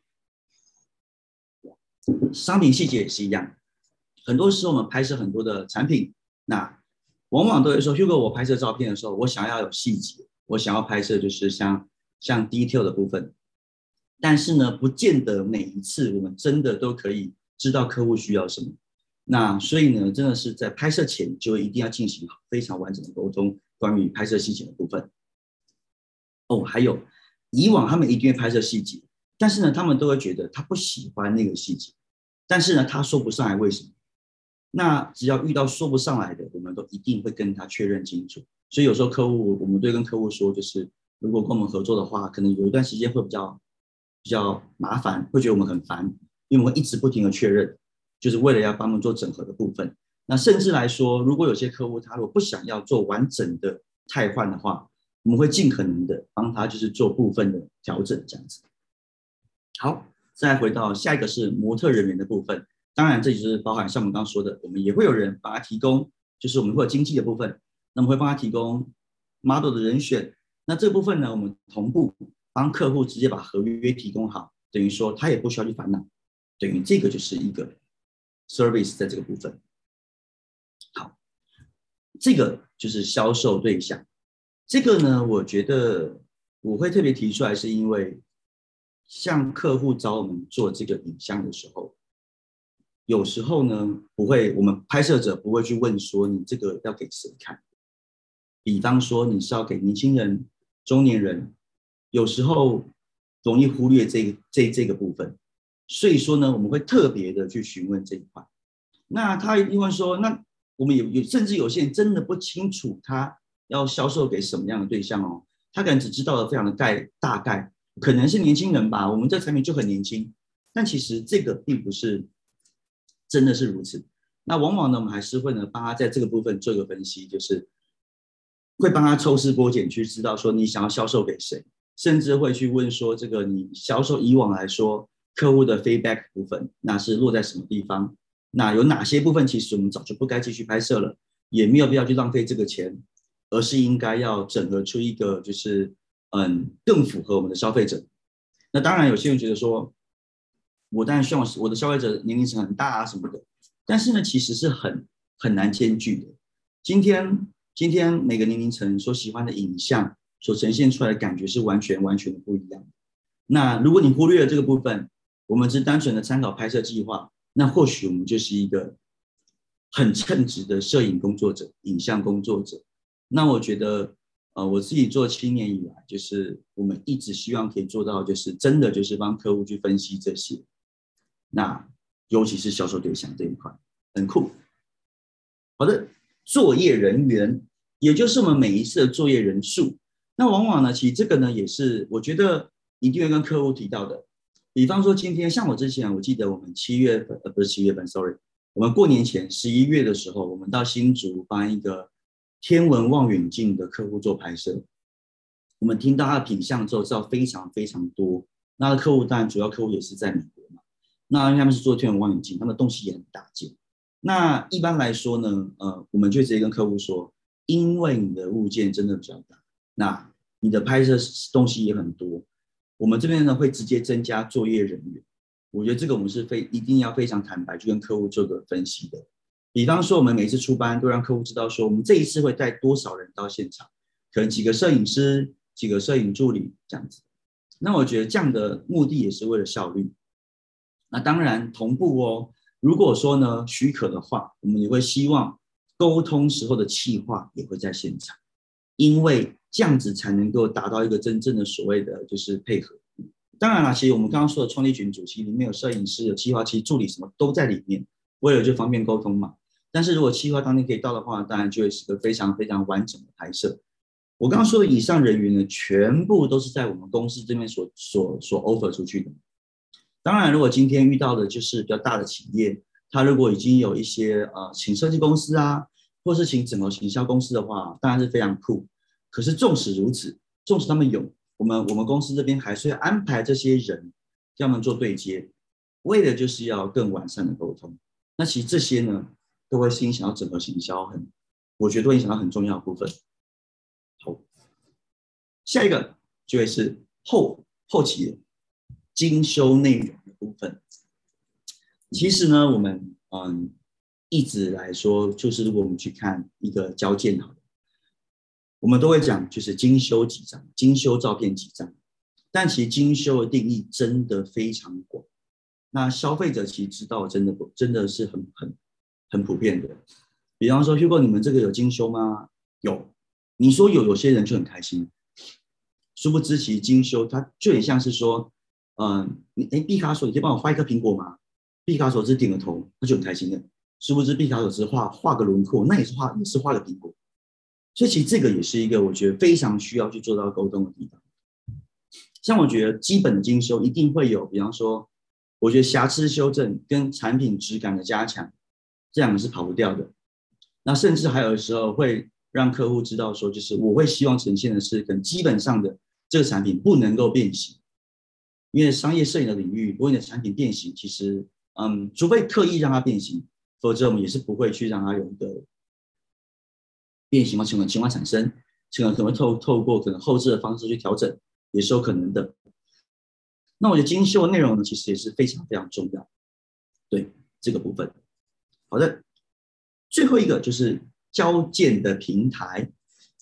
商品細節也是一樣，很多時候我們拍攝很多的產品，那。往往都會說，如果我拍攝照片的時候，我想要有細節，我想要拍攝就是像像 detail 的部分，但是呢，不見得每一次我們真的都可以知道客戶需要什麼。那所以呢，真的是在拍攝前就一定要進行非常完整的溝通，關於拍攝細節的部分。哦，還有，以往他們一定會拍攝細節，但是呢，他們都會覺得他不喜歡那個細節，但是呢，他說不上來為什麼。那只要遇到說不上來的。都一定會跟他確認清楚，所以有時候客戶，我們會跟客戶說，就是如果跟我們合作的話，可能有一段時間會比較比較麻煩，會覺得我們很煩，因為我們一直不停的確認，就是為了要幫我們做整合的部分。那甚至來說，如果有些客戶他如果不想要做完整的汰換的話，我們會盡可能的幫他就是做部分的調整這樣子。好，再回到下一個是模特人員的部分，當然這就是包含像我們剛剛說的，我們也會有人幫他提供。就是我們會有經紀的部分，那麼會幫他提供 model 的人選。那這部分呢，我們同步幫客戶直接把合約提供好，等於說他也不需要去煩惱。等於這個就是一個 service 在這個部分。好，這個就是銷售對象。這個呢，我覺得我會特別提出來，是因為向客戶找我們做這個影像的時候。有時候呢，不會，我們拍攝者不會去問說你這個要給誰看？比方說你是要給年輕人、中年人，有時候容易忽略這這這個部分。所以說呢，我們會特別的去詢問這一塊。那他因為說，那我們有有，甚至有些人真的不清楚他要銷售給什麼樣的對象哦。他可能只知道了非常的概大概，可能是年輕人吧。我們這產品就很年輕，但其實這個並不是。真的是如此，那往往呢，我們還是會呢，幫他在這個部分做一個分析，就是會幫他抽絲剝繭去知道說你想要銷售給誰，甚至會去問說這個你銷售以往來說客戶的 feedback 部分，那是落在什麼地方，那有哪些部分其實我們早就不該繼續拍攝了，也沒有必要去浪費這個錢，而是應該要整合出一個就是嗯更符合我們的消費者。那當然有些人覺得說，我當然希望我的消費者年齡層很大啊什麼的，但是呢，其實是很很難兼具的。今天，今天每個年齡層所喜歡的影像所呈現出來的感覺是完全完全不一樣的。那如果你忽略了這個部分，我們只是單純的參考拍攝計劃，那或許我們就是一個很稱職的攝影工作者、影像工作者。那我覺得，呃，我自己做七年以來，就是我們一直希望可以做到，就是真的就是幫客戶去分析這些。那尤其是銷售對象這一塊很酷。好的，作業人員，也就是我們每一次的作業人數。那往往呢，其實這個呢，也是我覺得一定會跟客戶提到的。比方說今天，像我之前，我記得我們七月份，呃，不是七月份，sorry，我們過年前十一月的時候，我們到新竹幫一個天文望遠鏡的客戶做拍攝。我們聽到他的品項之後，知道非常非常多。那客戶當然主要客戶也是在你。那因為他們是做天文望遠鏡，他們東西也很大件。那一般來說呢，呃，我們就直接跟客戶說，因為你的物件真的比較大，那你的拍攝東西也很多，我們這邊呢會直接增加作業人員。我覺得這個我們是非一定要非常坦白，去跟客戶做個分析的。比方說，我們每次出班都讓客戶知道說，我們這一次會帶多少人到現場，可能幾個攝影師、幾個攝影助理這樣子。那我覺得這樣的目的也是為了效率。那當然同步哦。如果說呢許可的話，我們也會希望溝通時候的企劃也會在現場，因為這樣子才能夠達到一個真正的所謂的就是配合。當然了，其實我們剛剛說的創意群主席裡面有攝影師、有企劃、其實助理什麼都在裡面，為了就方便溝通嘛。但是如果企劃當天可以到的話，當然就會是個非常非常完整的拍攝。我剛剛說的以上人員呢，全部都是在我們公司這邊所所所 offer 出去的。當然，如果今天遇到的就是比較大的企業，他如果已經有一些呃，請設計公司啊，或是請整合行銷公司的話，當然是非常酷。可是，縱使如此，縱使他們有，我們我們公司這邊還是要安排這些人，讓他們做對接，為的就是要更完善的溝通。那其實這些呢，都會影響到整合行銷很，我覺得會影響到很重要的部分。好，下一個就會是後後期。精修內容的部分，其實呢，我們嗯一直來說，就是如果我們去看一個交件，好的，我們都會講就是精修幾張，精修照片幾張。但其精修的定義真的非常廣，那消費者其實知道真的不真的是很很很普遍的。比方說，如果你們這個有精修嗎？有，你說有，有些人就很開心。殊不知，其精修它最像是說。嗯，你哎，畢卡索，你可以幫我畫一顆蘋果嗎？畢卡索只是點個頭，那就很開心了。殊不知，畢卡索只是畫畫個輪廓，那也是畫，也是畫個蘋果。所以其實這個也是一個我覺得非常需要去做到溝通的地方。像我覺得基本的精修一定會有，比方說，我覺得瑕疵修正跟產品質感的加強，這兩個是跑不掉的。那甚至還有的時候會讓客戶知道說，就是我會希望呈現的是，很基本上的這個產品不能夠變形。因為商業攝影的領域，如果你的產品變形，其實，嗯，除非特意讓它變形，否則我們也是不會去讓它有一個變形的情況情況產生。情況可能透透過可能後製的方式去調整，也是有可能的。那我覺得精修的內容呢，其實也是非常非常重要，對這個部分。好的，最後一個就是交件的平台。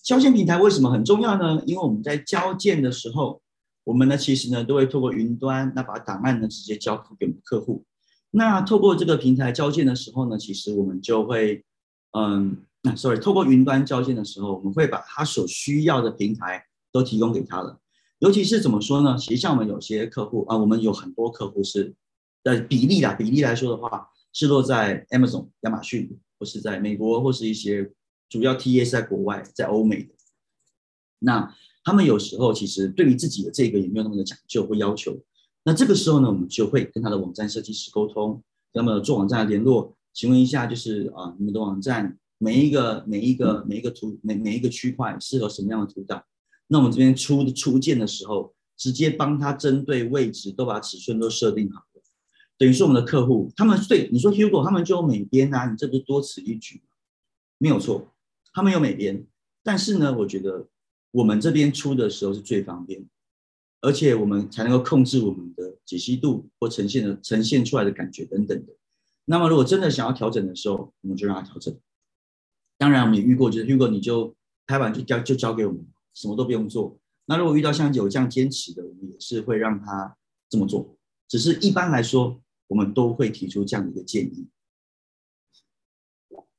交件平台為什麼很重要呢？因為我們在交件的時候。我們呢，其實呢，都會透過雲端，那把檔案呢直接交付給我們客戶。那透過這個平台交件的時候呢，其實我們就會，嗯，那 sorry，透過雲端交件的時候，我們會把他所需要的平台都提供給他了。尤其是怎麼說呢？其實像我們有些客戶啊，我們有很多客戶是的比例啊，比例來說的話是落在 Amazon 亞馬遜或是在美國或是一些主要 TA 在國外，在歐美的。那，他們有時候其實對於自己的這個也沒有那麼的講究或要求，那這個時候呢，我們就會跟他的網站設計師溝通，那麼做網站的聯絡，請問一下，就是啊，你們的網站每一個、每一個、每一個圖、每每一個區塊適合什麼樣的圖檔？那我們這邊出的出件的時候，直接幫他針對位置都把尺寸都設定好了，等於是我們的客戶他們對你說，如果他們就美編啊，你這不是多此一舉嗎？沒有錯，他們有美編，但是呢，我覺得。我們這邊出的時候是最方便，而且我們才能夠控制我們的解析度或呈現的呈現出來的感覺等等。那麼，如果真的想要調整的時候，我們就讓他調整。當然，我們也遇過，就是遇過你就拍完就交就交給我們，什麼都不用做。那如果遇到像有這樣堅持的，我們也是會讓他這麼做。只是一般來說，我們都會提出這樣的一個建議。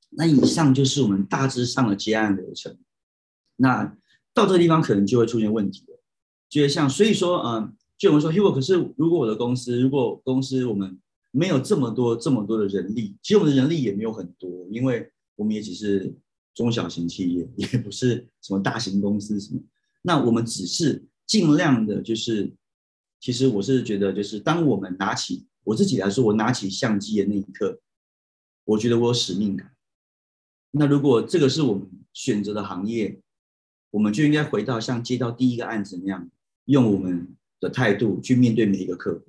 那以上就是我們大致上的接案的流程。那。到這個地方可能就會出現問題了，就像所以說，嗯，就我們說，如果可是如果我的公司，如果公司我們沒有這麼多、這麼多的人力，其實我們的人力也沒有很多，因為我們也只是中小型企業，也不是什麼大型公司什麼。那我們只是盡量的，就是，其實我是覺得，就是當我們拿起我自己來說，我拿起相機的那一刻，我覺得我有使命感。那如果這個是我們選擇的行業，我們就應該回到像接到第一個案子那樣，用我們的態度去面對每一個客戶。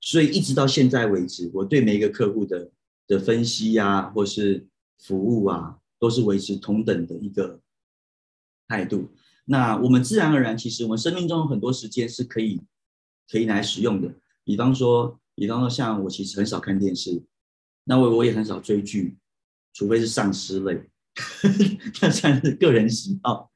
所以一直到現在為止，我對每一個客戶的的分析呀、啊，或是服務啊，都是維持同等的一個態度。那我們自然而然，其實我們生命中很多時間是可以可以來使用的。比方說，比方說像我其實很少看電視，那我我也很少追劇，除非是喪屍類，那 算是個人喜好。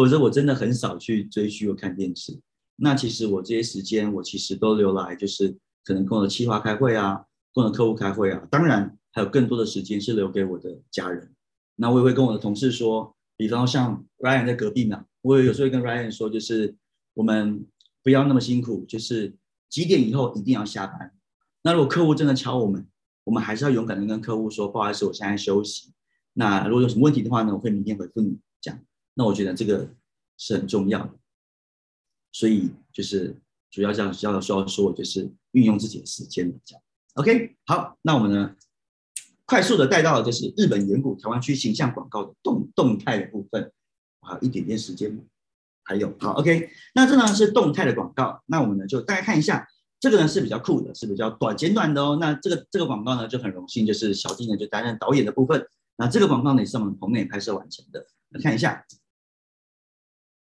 否則我真的很少去追劇或看電視。那其實我這些時間，我其實都留來就是可能跟我的企劃開會啊，跟我的客戶開會啊。當然還有更多的時間是留給我的家人。那我也會跟我的同事說，比方像 Ryan 在隔壁嘛、啊，我也有時候會跟 Ryan 說，就是我們不要那麼辛苦，就是幾點以後一定要下班。那如果客戶真的敲我們，我們還是要勇敢的跟客戶說，不好意思，我現在休息。那如果有什麼問題的話呢，我會明天回復你。這樣。那我覺得這個是很重要的，所以就是主要這樣，要說說就是運用自己的時間嘛，OK。好，那我們呢，快速的帶到了就是日本遠古台灣區形象廣告的動動態的部分還有一點點時間，還有好 OK。那這呢是動態的廣告，那我們呢就大家看一下，這個呢是比較酷的，是比較短簡短的哦。那這個這個廣告呢就很榮幸，就是小弟呢就擔任導演的部分，那這個廣告呢也是我們棚內拍攝完成的，來看一下。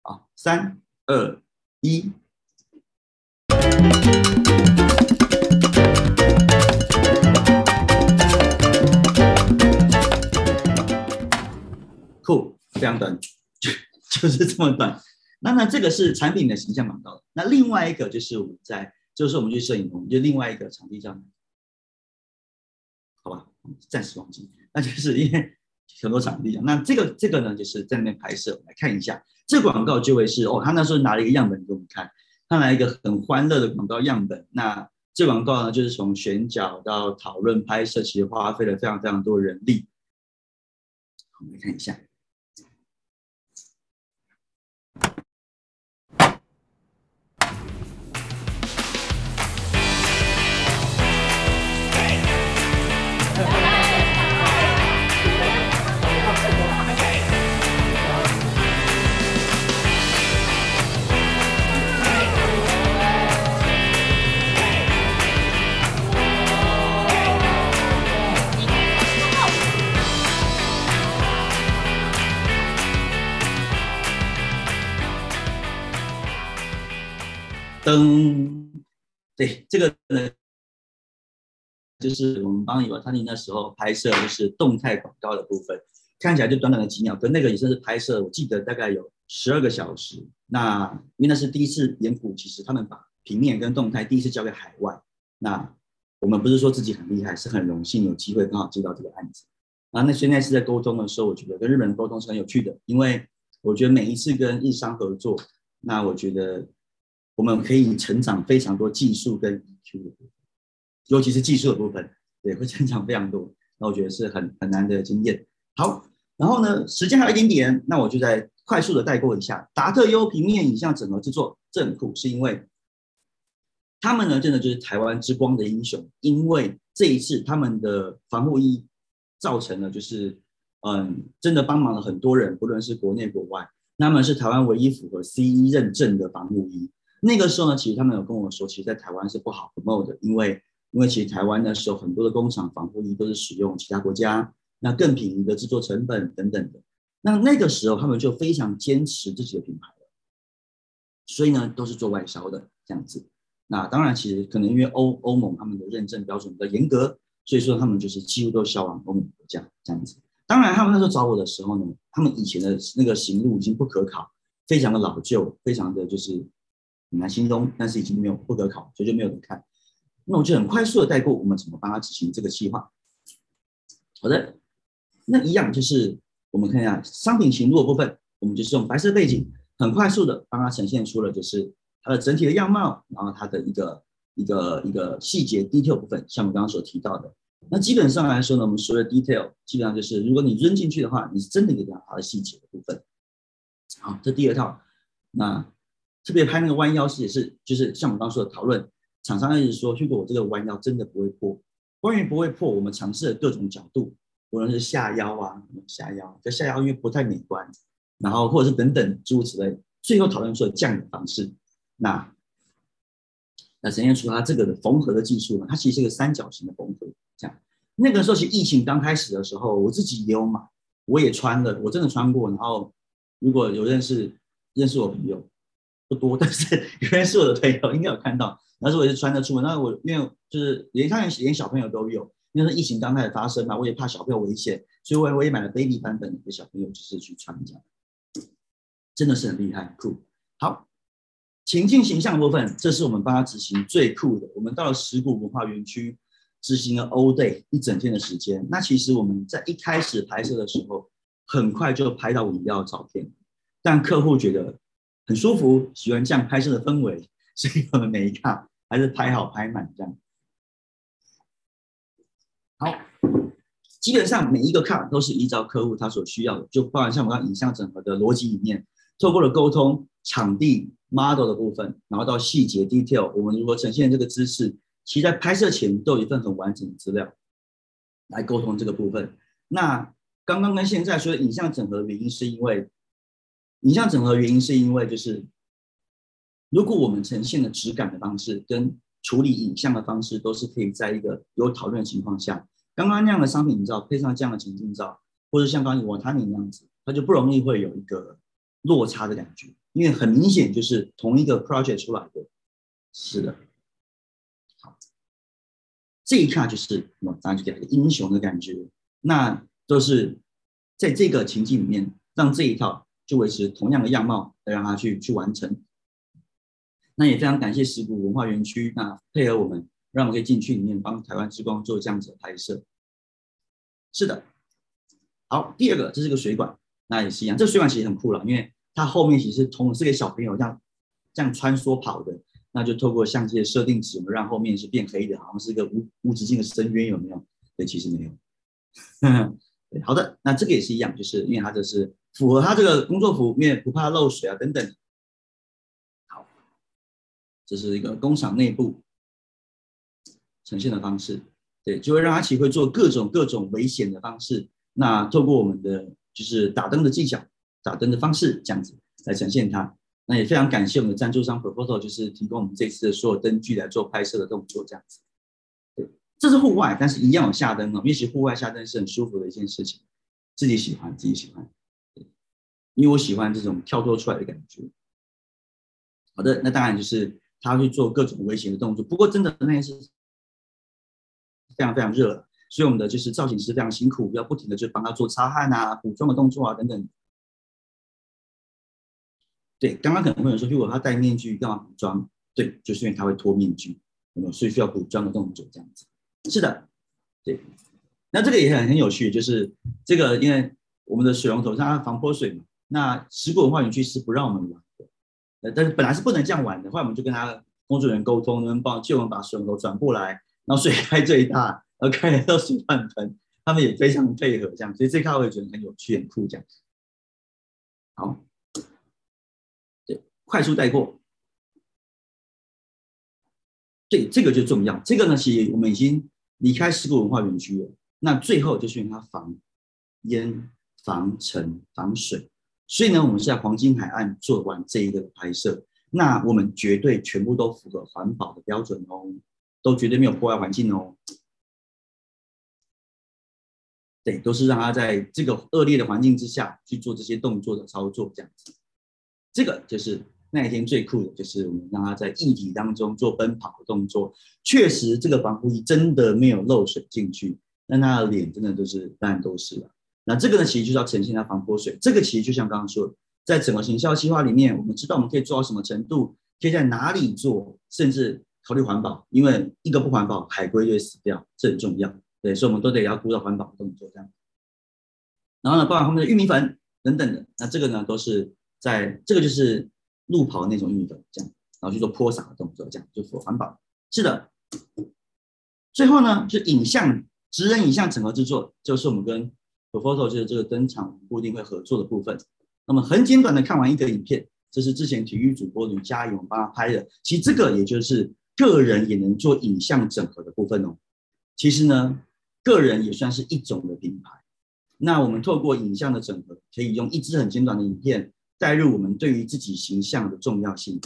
啊，三、二、一，酷，這樣短，就 就是這麼短。那那這個是產品的形象廣告。那另外一個就是我們在，就是我們去攝影棚，就是、另外一個場地上好吧，暫時忘記。那就是因為很多場地講。那這個這個呢，就是在那邊拍攝，來看一下。這廣告就會是哦，他那時候拿了一個樣本給我們看，他拿一個很歡樂的廣告樣本。那這廣告呢，就是從選角到討論拍攝，其實花費了非常非常多人力。我們來看一下。嗯，對，這個呢，就是我們幫你娃他因那時候拍攝，就是動態廣告的部分，看起來就短短的幾秒，跟那個也算是拍攝，我記得大概有十二個小時。那因為那是第一次演古，其實他們把平面跟動態第一次交給海外，那我們不是說自己很厲害，是很榮幸有機會剛好接到這個案子。然後那現在是在溝通的時候，我覺得跟日本人溝通是很有趣的，因為我覺得每一次跟日商合作，那我覺得。我們可以成長非常多技術跟 EQ 的部分，尤其是技術的部分也會成長非常多。那我覺得是很很難得的經驗。好，然後呢，時間還有一點點，那我就再快速的帶過一下達特優平面影像整合製作。這很酷，是因為他們呢，真的就是台灣之光的英雄，因為這一次他們的防護衣造成了，就是嗯，真的幫忙了很多人，不論是國內國外。他們是台灣唯一符合 CE 認證的防護衣。那個時候呢，其實他們有跟我說，其實，在台灣是不好 promote 的，因為因為其實台灣那時候很多的工廠防護衣都是使用其他國家那更便宜的制作成本等等的。那那個時候他們就非常堅持自己的品牌了，所以呢，都是做外銷的這樣子。那當然，其實可能因為歐歐盟他們的認證標準比較嚴格，所以說他們就是幾乎都銷往歐美國家這樣子。當然，他們那時候找我的時候呢，他們以前的那個型錄已經不可考，非常的老舊，非常的就是。本來心中，但是已經沒有不可考，所以就沒有人看。那我就很快速的帶過，我們怎麼幫他執行這個計劃。好的，那一樣就是我們看一下商品型錄的部分，我們就是用白色背景，很快速的幫他呈現出了就是它的整體的樣貌，然後它的一個一個一個細節 detail 部分，像我們剛剛所提到的。那基本上來說呢，我們說的 detail 基本上就是如果你扔進去的話，你是真的給他畫的細節的部分。好，這第二套那。特別拍那個彎腰，是也是就是像我們剛說的討論，廠商一直說，如果我這個彎腰真的不會破，關於不會破，我們嘗試了各種角度，無論是下腰啊、下腰、這下腰，因為不太美觀，然後或者是等等諸如此類，最後討論出降的方式。那那呈現出它這個縫合的技術呢，它其實是一個三角形的縫合。這樣，那個時候其實疫情剛開始的時候，我自己也有買，我也穿了，我真的穿過。然後如果有認識認識我朋友。多，但是原來是我的朋友，應該有看到。那時候我就穿著出門，那我因為就是連上連小朋友都有，因為疫情剛開始發生嘛，我也怕小朋友危險，所以我也我也買了 baby 版本給小朋友，就是去穿這樣，真的是很厲害，酷。好，情境形象的部分，這是我們幫他執行最酷的。我們到了十鼓文化園區執行了 all day 一整天的時間。那其實我們在一開始拍攝的時候，很快就拍到我們要的照片，但客戶覺得。很舒服，喜歡這樣拍攝的氛圍，所以我們每一卡還是拍好拍滿這樣。好，基本上每一個卡都是依照客戶他所需要的，就包含像我們像影像整合的邏輯理念，透過了溝通、場地、model 的部分，然後到細節 detail，我們如何呈現這個姿勢，其實在拍攝前都有一份很完整的資料來溝通這個部分。那剛剛跟現在說影像整合的原因，是因為。影像整合原因是因為，就是如果我們呈現的質感的方式跟處理影像的方式都是可以在一個有討論的情況下，剛剛那樣的商品照配上這樣的情境照，或者像剛剛我他明那樣子，它就不容易會有一個落差的感覺，因為很明顯就是同一個 project 出來的。是的，好，這一套就是我剛才講個英雄的感覺，那都是在這個情境裡面讓這一套。就維持同樣的樣貌，再讓它去去完成。那也非常感謝石鼓文化園區，那配合我們，讓我們可以進去裡面幫台灣之光做這樣子的拍攝。是的，好，第二個這是個水管，那也是一樣。這個、水管其實很酷了，因為它後面其實是通，是給小朋友這樣這樣穿梭跑的。那就透過相機的設定值，我們讓後面是變黑的，好像是一個無無止境的深淵一有,有？對，其實沒有。 好的，那這個也是一樣，就是因為它，這是符合它這個工作服，因為不怕漏水啊等等。好，這是一個工廠內部呈現的方式，對，就會讓阿奇會做各種各種危險的方式，那透過我們的就是打燈的技巧、打燈的方式這樣子來呈現它。那也非常感謝我們的贊助商 Profoto 就是提供我們這次的所有燈具來做拍攝的動作這樣子。這是戶外，但是一樣有下燈哦。其實戶外下燈是很舒服的一件事情，自己喜歡，自己喜歡。因為我喜歡這種跳脫出來的感覺。好的，那當然就是他會做各種危險的動作。不過真的那件事非常非常熱，所以我們的就是造型師非常辛苦，要不停的去幫他做擦汗啊、補妝的動作啊等等。對，剛剛可能會有人說，如果他戴面具幹嘛補妝？對，就是因為他會脫面具，有沒有，所以需要補妝的動作這樣子。是的，對。那這個也很很有趣，就是這個，因為我們的水龍頭它防潑水嘛。那石鼓文化園區是不讓我們玩的，呃，但是本來是不能這樣玩的，後來我們就跟他工作人員溝通，能幫借我們把水龍頭轉過來，然後水開最大，OK，到水滿盆，他們也非常配合這樣，所以這一塊我也覺得很有趣、很酷這樣子。好，對，快速帶過。對，這個就重要。這個呢是我們已經。離開石鼓文化園區了，那最後就是用它防煙、防塵、防水。所以呢，我們是在黃金海岸做完這一個拍攝，那我們絕對全部都符合環保的標準哦，都絕對沒有破壞環境哦。對，都是讓它在這個惡劣的環境之下去做這些動作的操作，這樣子，這個就是。那一天最酷的就是我們讓他在液體當中做奔跑的動作，確實這個防護衣真的沒有漏水進去，但他的臉真的就是當然都是了。那這個呢，其實就是要呈現它防潑水。這個其實就像剛剛說的，在整個行銷計劃裡面，我們知道我們可以做到什麼程度，可以在哪裡做，甚至考慮環保，因為一個不環保，海龜就會死掉，這很重要。對，所以我們都得要顧到環保的動作這樣。然後呢，包括他們的玉米粉等等的，那這個呢都是在這個就是。路跑那種運動，這樣，然後去做潑灑的動作，這樣就是環保。是的，最後呢，是影像、職人影像整合製作，就是我們跟 Profoto 就是這個燈廠，固定會合作的部分。那麼很簡短的看完一個影片，這是之前體育主播呂佳穎我們幫他拍的。其實這個也就是個人也能做影像整合的部分哦。其實呢，個人也算是一種的品牌。那我們透過影像的整合，可以用一支很簡短的影片，帶入我們對於自己形象的重要性。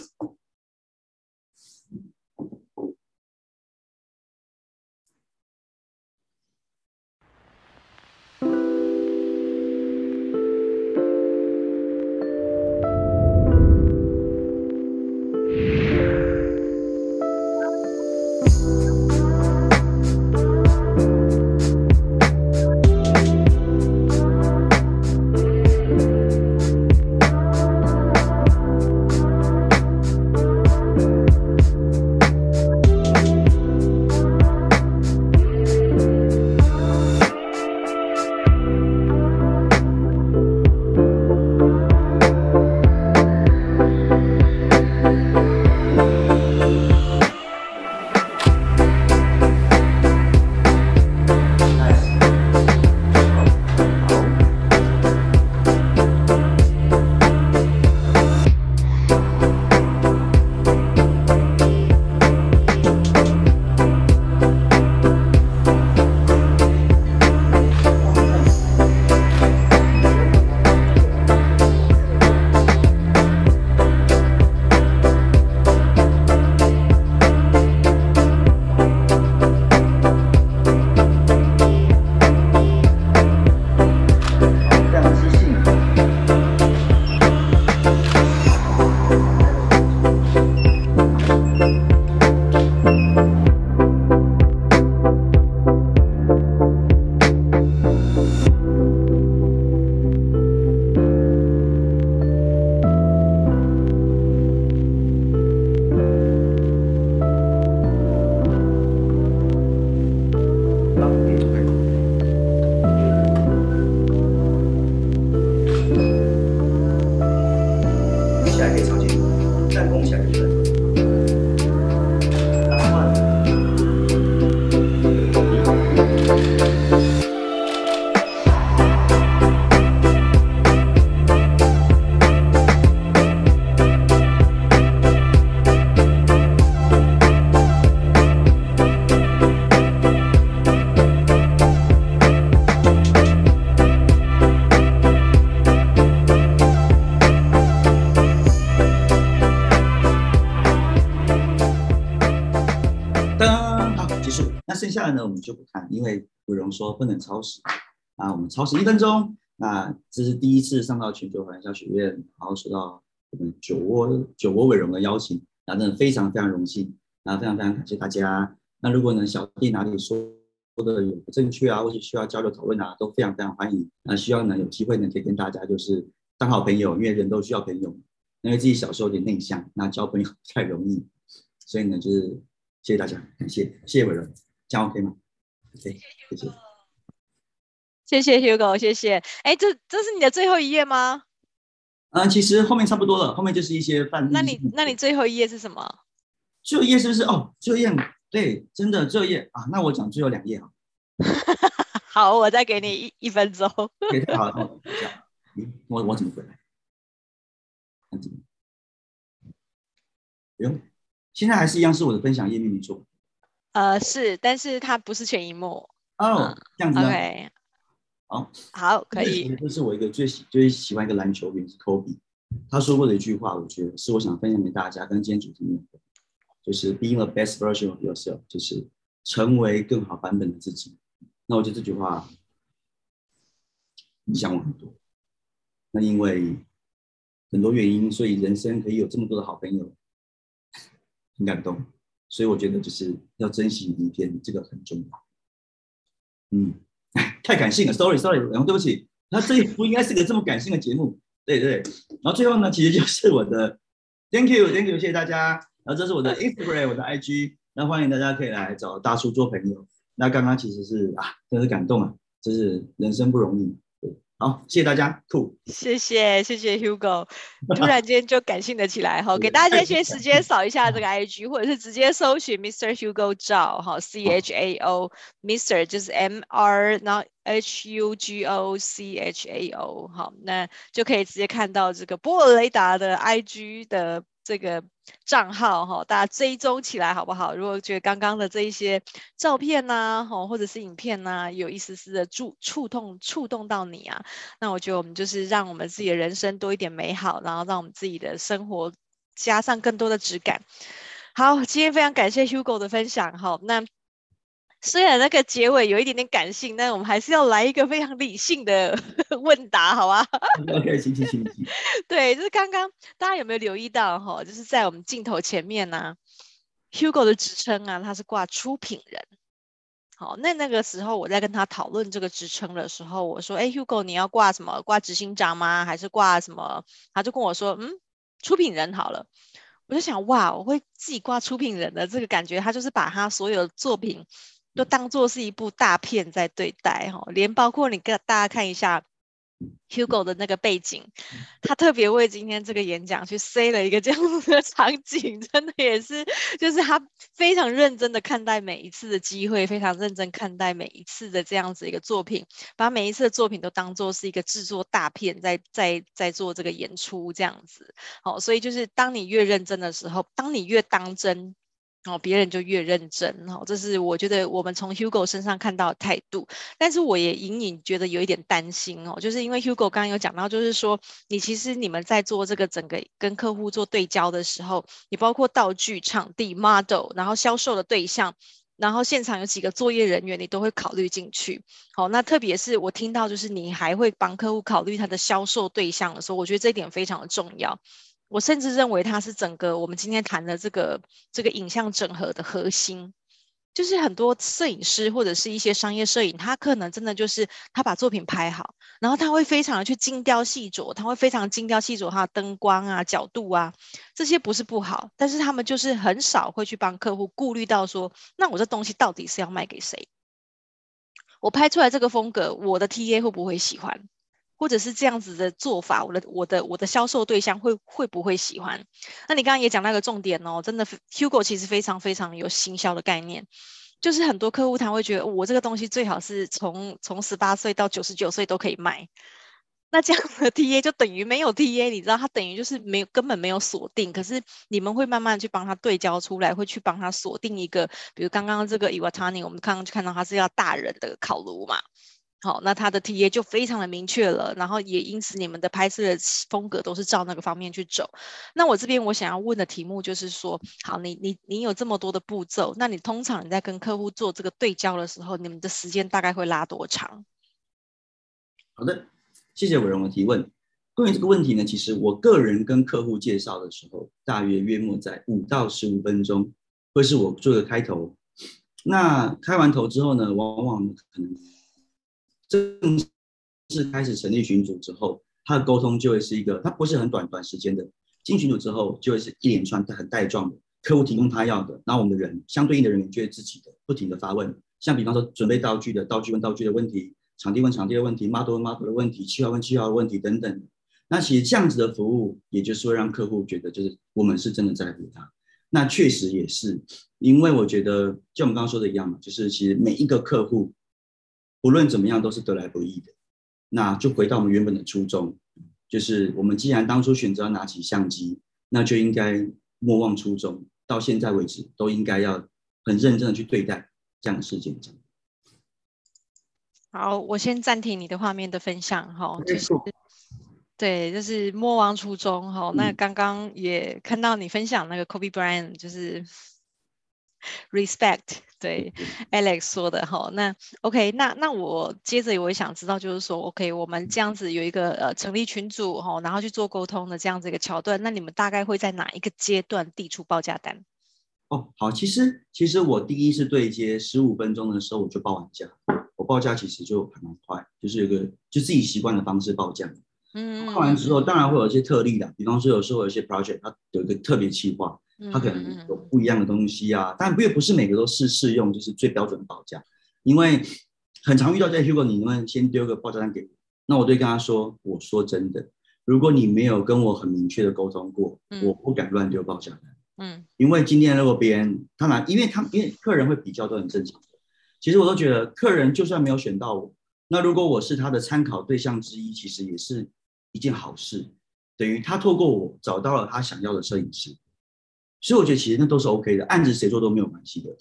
那 我們就不看，因為偉榮說不能超時。啊，我們超時一分鐘。那、啊、這是第一次上到全球環球學院，然後受到我們酒窩酒窩偉榮的邀請，那、啊、真的非常非常榮幸。那、啊、非常非常感謝大家。那如果呢小弟哪裡說的有不正確啊，或是需要交流討論啊，都非常非常歡迎。那希望呢有機會呢可以跟大家就是當好朋友，因為人都需要朋友。因為自己小時候有點內向，那交朋友不太容易。所以呢就是謝謝大家，感謝，謝謝偉榮。講 OK 嗎？OK，謝謝，謝謝，謝謝 Hugo，謝謝。哎，這這是你的最後一頁嗎？嗯，其實後面差不多了，後面就是一些範例。那你那你最後一頁是什麼？最後一頁是不是？哦，最後一頁，對，真的最後一頁啊。那我講最後兩頁好， 好，我再給你一一分鐘。好 的、okay，好的、嗯，我我怎麼回來？不用、哎，現在還是一樣，是我的分享頁面，沒錯。呃，是，但是他不是全螢幕哦、oh, 嗯，這樣子對、okay. oh.。好，可以。這是我一個最喜、最喜歡的一個籃球員是科比，他說過的一句話，我覺得是我想分享給大家跟今天主題有關，就是 Being the best version of yourself，就是成為更好版本的自己。那我覺得這句話影響我很多，那因為很多原因，所以人生可以有這麼多的好朋友，很感動。所以我覺得就是要珍惜每一天，這個很重要。嗯，太感性了，sorry sorry，然後、嗯、對不起。那這不應該是個這麼感性的節目，對對。然後最後呢，其實就是我的，thank you thank you，謝謝大家。然後這是我的 Instagram，我的 IG，然後歡迎大家可以來找大叔做朋友。那剛剛其實是啊，真是感動啊，真是人生不容易。好，謝謝大家。too 謝謝謝謝 Hugo，突然間就感性了起來。好， 給大家一些時間掃一下這個 IG，或者是直接搜尋 Mister Hugo Zhao 好，C H A O Mister 就是 M R 然後 H U G O C H A O 好，那就可以直接看到這個播鵝鐳達的 IG 的。這個賬號哈，大家追蹤起來好不好？如果覺得剛剛的這一些照片吶、啊，或者是影片吶、啊，有一絲絲的觸觸動，觸動到你啊，那我覺得我們就是讓我們自己的人生多一點美好，然後讓我們自己的生活加上更多的質感。好，今天非常感謝 Hugo 的分享，好那。雖然那個結尾有一點點感性，但我們還是要來一個非常理性的問答好吧？Okay, 行行行行 對，就是剛剛大家有沒有留意到，就是在我們鏡頭前面吶、啊、Hugo 的職稱啊，他是掛出品人。好，那那個時候我在跟他討論這個職稱的時候，我說誒、欸、Hugo 你要掛什麼，掛執行長嗎？還是掛什麼？他就跟我說嗯，出品人好了。我就想，哇，我會自己掛出品人的這個感覺，他就是把他所有的作品都當做是一部大片在對待，哈，連包括你跟大家看一下 Hugo 的那個背景，他特別為今天這個演講去塞了一個這樣子的場景，真的也是，就是他非常認真的看待每一次的機會，非常認真看待每一次的這樣子一個作品，把每一次的作品都當做是一個製作大片在在在做這個演出這樣子，好、哦，所以就是當你越認真的時候，當你越當真。哦，別人就越認真哦，這是我覺得我們從 Hugo 身上看到的態度。但是我也隱隱覺得有一點擔心哦，就是因為 Hugo 剛剛有講到，就是說你其實你們在做這個整個跟客戶做對焦的時候，你包括道具、場地、model，然後銷售的對象，然後現場有幾個作業人員，你都會考慮進去。好，那特別是我聽到就是你還會幫客戶考慮他的銷售對象的時候，我覺得這一點非常的重要。我甚至認為它是整個我們今天談的這個這個影像整合的核心，就是很多攝影師或者是一些商業攝影，他可能真的就是他把作品拍好，然後他會非常的去精雕細琢，他會非常精雕細琢他的燈光啊、角度啊，這些不是不好，但是他們就是很少會去幫客戶顧慮到說，那我這東西到底是要賣給誰？我拍出來這個風格，我的 TA 會不會喜歡？或者是這樣子的做法，我的我的我的銷售對象會會不會喜歡？那你剛剛也講那個重點哦，真的 Hugo 其實非常非常有行銷的概念，就是很多客戶他會覺得、哦、我這個東西最好是從從十八歲到九十九歲都可以賣，那這樣的 TA 就等於沒有 TA，你知道他等於就是沒有根本沒有鎖定。可是你們會慢慢去幫他對焦出來，會去幫他鎖定一個，比如剛剛這個 Iwatani，我們剛剛就看到他是要大人的烤爐嘛。好，那他的 TA 就非常的明確了，然後也因此你們的拍攝的風格都是照那個方面去走。那我這邊我想要問的題目就是說，好，你你你有這麼多的步驟，那你通常你在跟客戶做這個對焦的時候，你們的時間大概會拉多長？好的，謝謝偉榮的提問。關於這個問題呢，其實我個人跟客戶介紹的時候，大約約莫在五到十五分鐘，會是我做的開頭。那開完頭之後呢，往往可能。正式開始成立群組之後，他的溝通就會是一個，他不是很短短時間的。進群組之後，就會是一連串的很帶狀的。客戶提供他要的，那我們的人相對應的人員就會自己的不停的發問，像比方說準備道具的道具問道具的問題，場地問場地的問題，model 問 model 的問題，氣候問氣候的問題等等。那其實這樣子的服務，也就是說讓客戶覺得就是我們是真的在乎他。那確實也是，因為我覺得就我們剛剛說的一樣嘛，就是其實每一個客戶。無論怎麼樣都是得來不易的，那就回到我們原本的初衷，就是我們既然當初選擇拿起相機，那就應該莫忘初衷。到現在為止，都應該要很認真的去對待這樣的事件。好，我先暫停你的畫面的分享，哈，就是、Okay. 對，就是莫忘初衷，哈、嗯。那剛剛也看到你分享那個 Kobe Bryant，就是。Respect 對、嗯、Alex 說的好、嗯、那 OK，那那我接着我也想知道，就是說 OK，我們這樣子有一個呃成立群組齁，然後去做溝通的這樣子一個橋段，那你們大概會在哪一個階段遞出報價單？哦，好，其實其實我第一次對接十五分鐘的時候我就報完價，我報價其實就還蠻快，就是有一個就自己習慣的方式報價。嗯，報完之後當然會有一些特例的，比方說有時候有些 project 它、啊、有一個特別企劃。他可能有不一樣的東西啊，mm -hmm. 但不也不是每個都試適用，就是最標準的報價。因為很常遇到這些，如果你你們先丟個報價單給我，那我對跟他說，我說真的，如果你沒有跟我很明確的溝通過，我不敢亂丟報價單。嗯、mm -hmm.，因為今天那邊他拿，因為他因為客人會比較都很正常，其實我都覺得，客人就算沒有選到我，那如果我是他的參考對象之一，其實也是一件好事，等於他透過我找到了他想要的攝影師。所以我覺得其實那都是 OK 的，案子誰做都沒有關係的。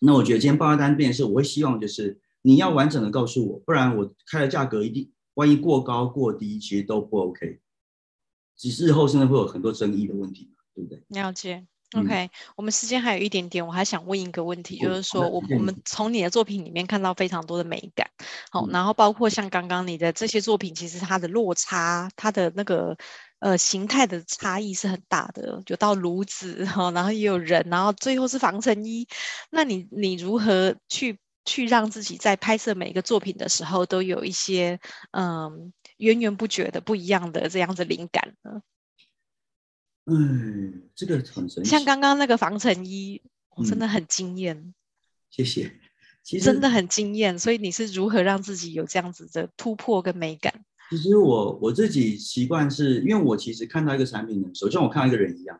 那我覺得今天報價單變是，我會希望就是你要完整的告訴我，不然我開的價格一定萬一過高過低，其實都不 OK，只是日後甚至會有很多爭議的問題，對不對？了解。OK，、嗯、我們時間還有一點點，我還想問一個問題，嗯、就是說我我們從你的作品裡面看到非常多的美感，好、嗯哦，然後包括像剛剛你的這些作品，其實它的落差，它的那個呃形態的差異是很大的，有到爐子哈、哦，然後也有人，然後最後是防塵衣，那你你如何去去讓自己在拍攝每一個作品的時候都有一些嗯源源不絕的不一樣的這樣子靈感呢？哎、嗯，這個很神奇，像剛剛那個防塵衣，我、嗯、真的很驚豔。謝謝，其實真的很驚豔。所以你是如何讓自己有這樣子的突破跟美感？其實我我自己習慣是因為我其實看到一個產品的時候，像我看到一個人一樣。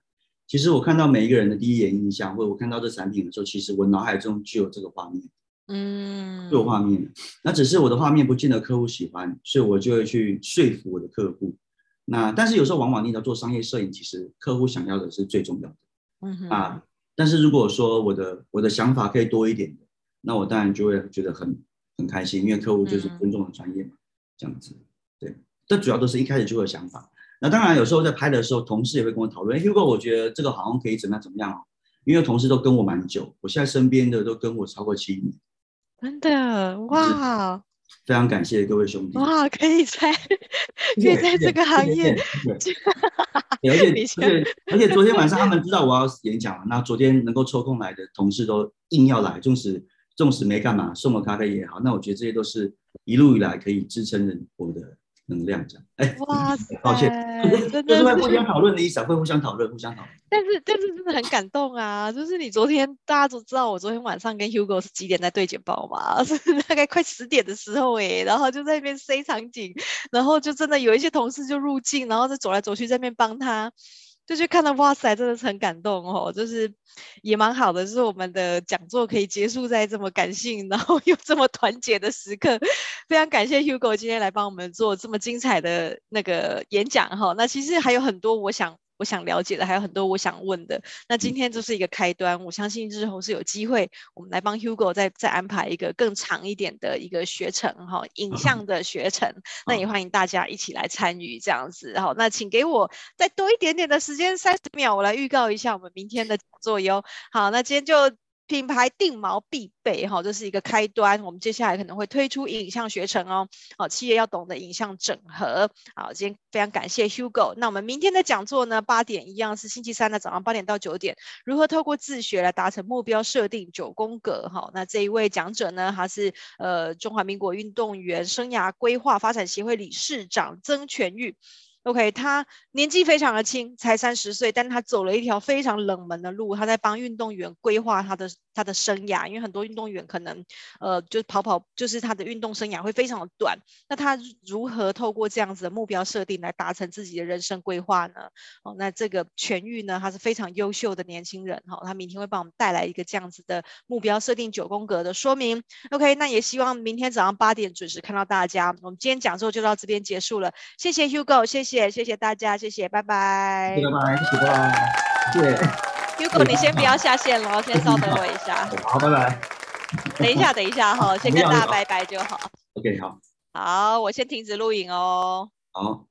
其實我看到每一個人的第一眼印象，或者我看到這產品的時候，其實我腦海中就有這個畫面，嗯，就有畫面的。那只是我的畫面不見得客戶喜歡，所以我就會去說服我的客戶。那但是有時候往往你要做商業攝影，其實客戶想要的是最重要的，嗯啊。但是如果說我的我的想法可以多一點，那我當然就會覺得很很開心，因為客戶就是尊重我的專業嘛，這樣子。對，這主要都是一開始就有想法。那當然有時候在拍的時候，同事也會跟我討論，如果我覺得這個好像可以怎麼樣怎麼樣，因為同事都跟我蠻久，我現在身邊的都跟我超過七年。真的哇！非常感謝各位兄弟。哇，可以在可以在這個行業，yeah, yeah, yeah, yeah, yeah. yeah, 而且, 而,且,而,且而且昨天晚上他們知道我要演講那 昨天能夠抽空來的同事都硬要來，縱使縱使沒幹嘛，送我咖啡也好。那我覺得這些都是一路以來可以支撐的我的。能量獎，哎、欸，哇塞，抱歉，真的會互相討論的，意思會、啊、互相討論，互相討論。但是，但是真的很感動啊！ 就是你昨天大家都知道，我昨天晚上跟 Hugo 是幾點在對簡報嘛？大概快十點的時候、欸，哎，然後就在那邊塞場景，然後就真的有一些同事就入鏡，然後就走來走去在那邊幫他。就去看到，哇塞，真的是很感動哦，就是也蠻好的，就是我們的講座可以結束在這麼感性，然後又這麼團結的時刻，非常感謝 Hugo 今天來幫我們做這麼精彩的那個演講哈、哦。那其實還有很多我想。我想了解的還有很多，我想問的。那今天就是一個開端，嗯、我相信日後是有機會，我們來幫 Hugo 再再安排一個更長一點的一個學程齁，影像的學程。嗯、那也歡迎大家一起來參與這樣子。好，那請給我再多一點點的時間，三十秒，我來預告一下我們明天的講座喲。好，那今天就。品牌定錨必備哈，這是一個開端。我們接下來可能會推出影像學程哦。好，企業要懂的影像整合。好，今天非常感謝 Hugo。那我們明天的講座呢？八點一樣，是星期三的早上八點到九點，如何透過自學來達成目標設定九宮格哈？那這一位講者呢？他是呃中華民國運動員生涯規劃發展協會理事長曾荃鈺。OK，他年紀非常的輕，才三十歲，但他走了一條非常冷門的路，他在幫運動員規劃他的。他的生涯，因為很多運動員可能，呃，就是跑跑，就是他的運動生涯會非常的短。那他如何透過這樣子的目標設定來達成自己的人生規劃呢？哦，那這個全域呢，他是非常優秀的年輕人，哈、哦，他明天會幫我們帶來一個這樣子的目標設定九宮格的說明。OK，那也希望明天早上八點準時看到大家。我們今天講座就到這邊結束了，謝謝 Hugo，謝謝，謝謝大家，謝謝，拜拜。謝謝謝謝拜拜，謝謝。謝謝 如 u g o 你先不要下線了，先稍等我一下好。好，拜拜。等一下，等一下哈，先跟大家拜拜就好，好。OK，好。好，我先停止錄影哦。好。